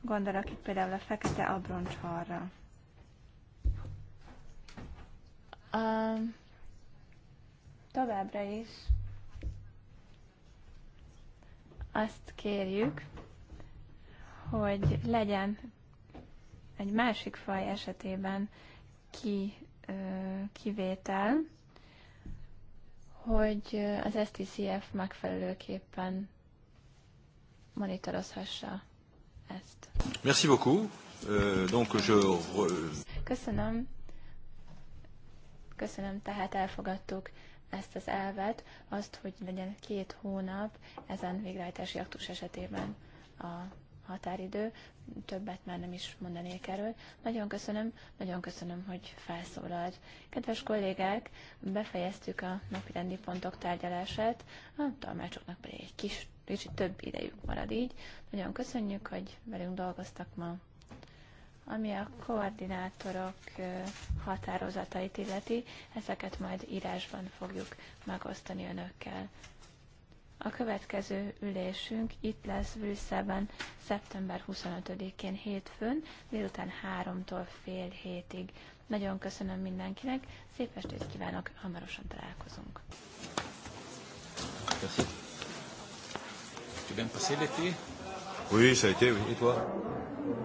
Gondolok itt például a fekete abroncsharra továbbra is azt kérjük, hogy legyen egy másik faj esetében ki, ö, kivétel, hogy az STCF megfelelőképpen monitorozhassa ezt. Merci beaucoup. Euh, donc je... Köszönöm. Köszönöm, tehát elfogadtuk ezt az elvet, azt, hogy legyen két hónap ezen végrehajtási aktus esetében a határidő, többet már nem is mondanék erről. Nagyon köszönöm, nagyon köszönöm, hogy felszólalt. Kedves kollégák, befejeztük a rendi pontok tárgyalását, a tanácsoknak pedig egy kis, kicsit több idejük marad így. Nagyon köszönjük, hogy velünk dolgoztak ma. Ami a koordinátorok határozatait illeti, ezeket majd írásban fogjuk megosztani önökkel. A következő ülésünk itt lesz Brüsszelben szeptember 25-én hétfőn, délután 3-tól fél hétig. Nagyon köszönöm mindenkinek, szép estét kívánok, hamarosan találkozunk. Köszönöm. Tu viens passer l'été Oui, ça a été, oui. Et toi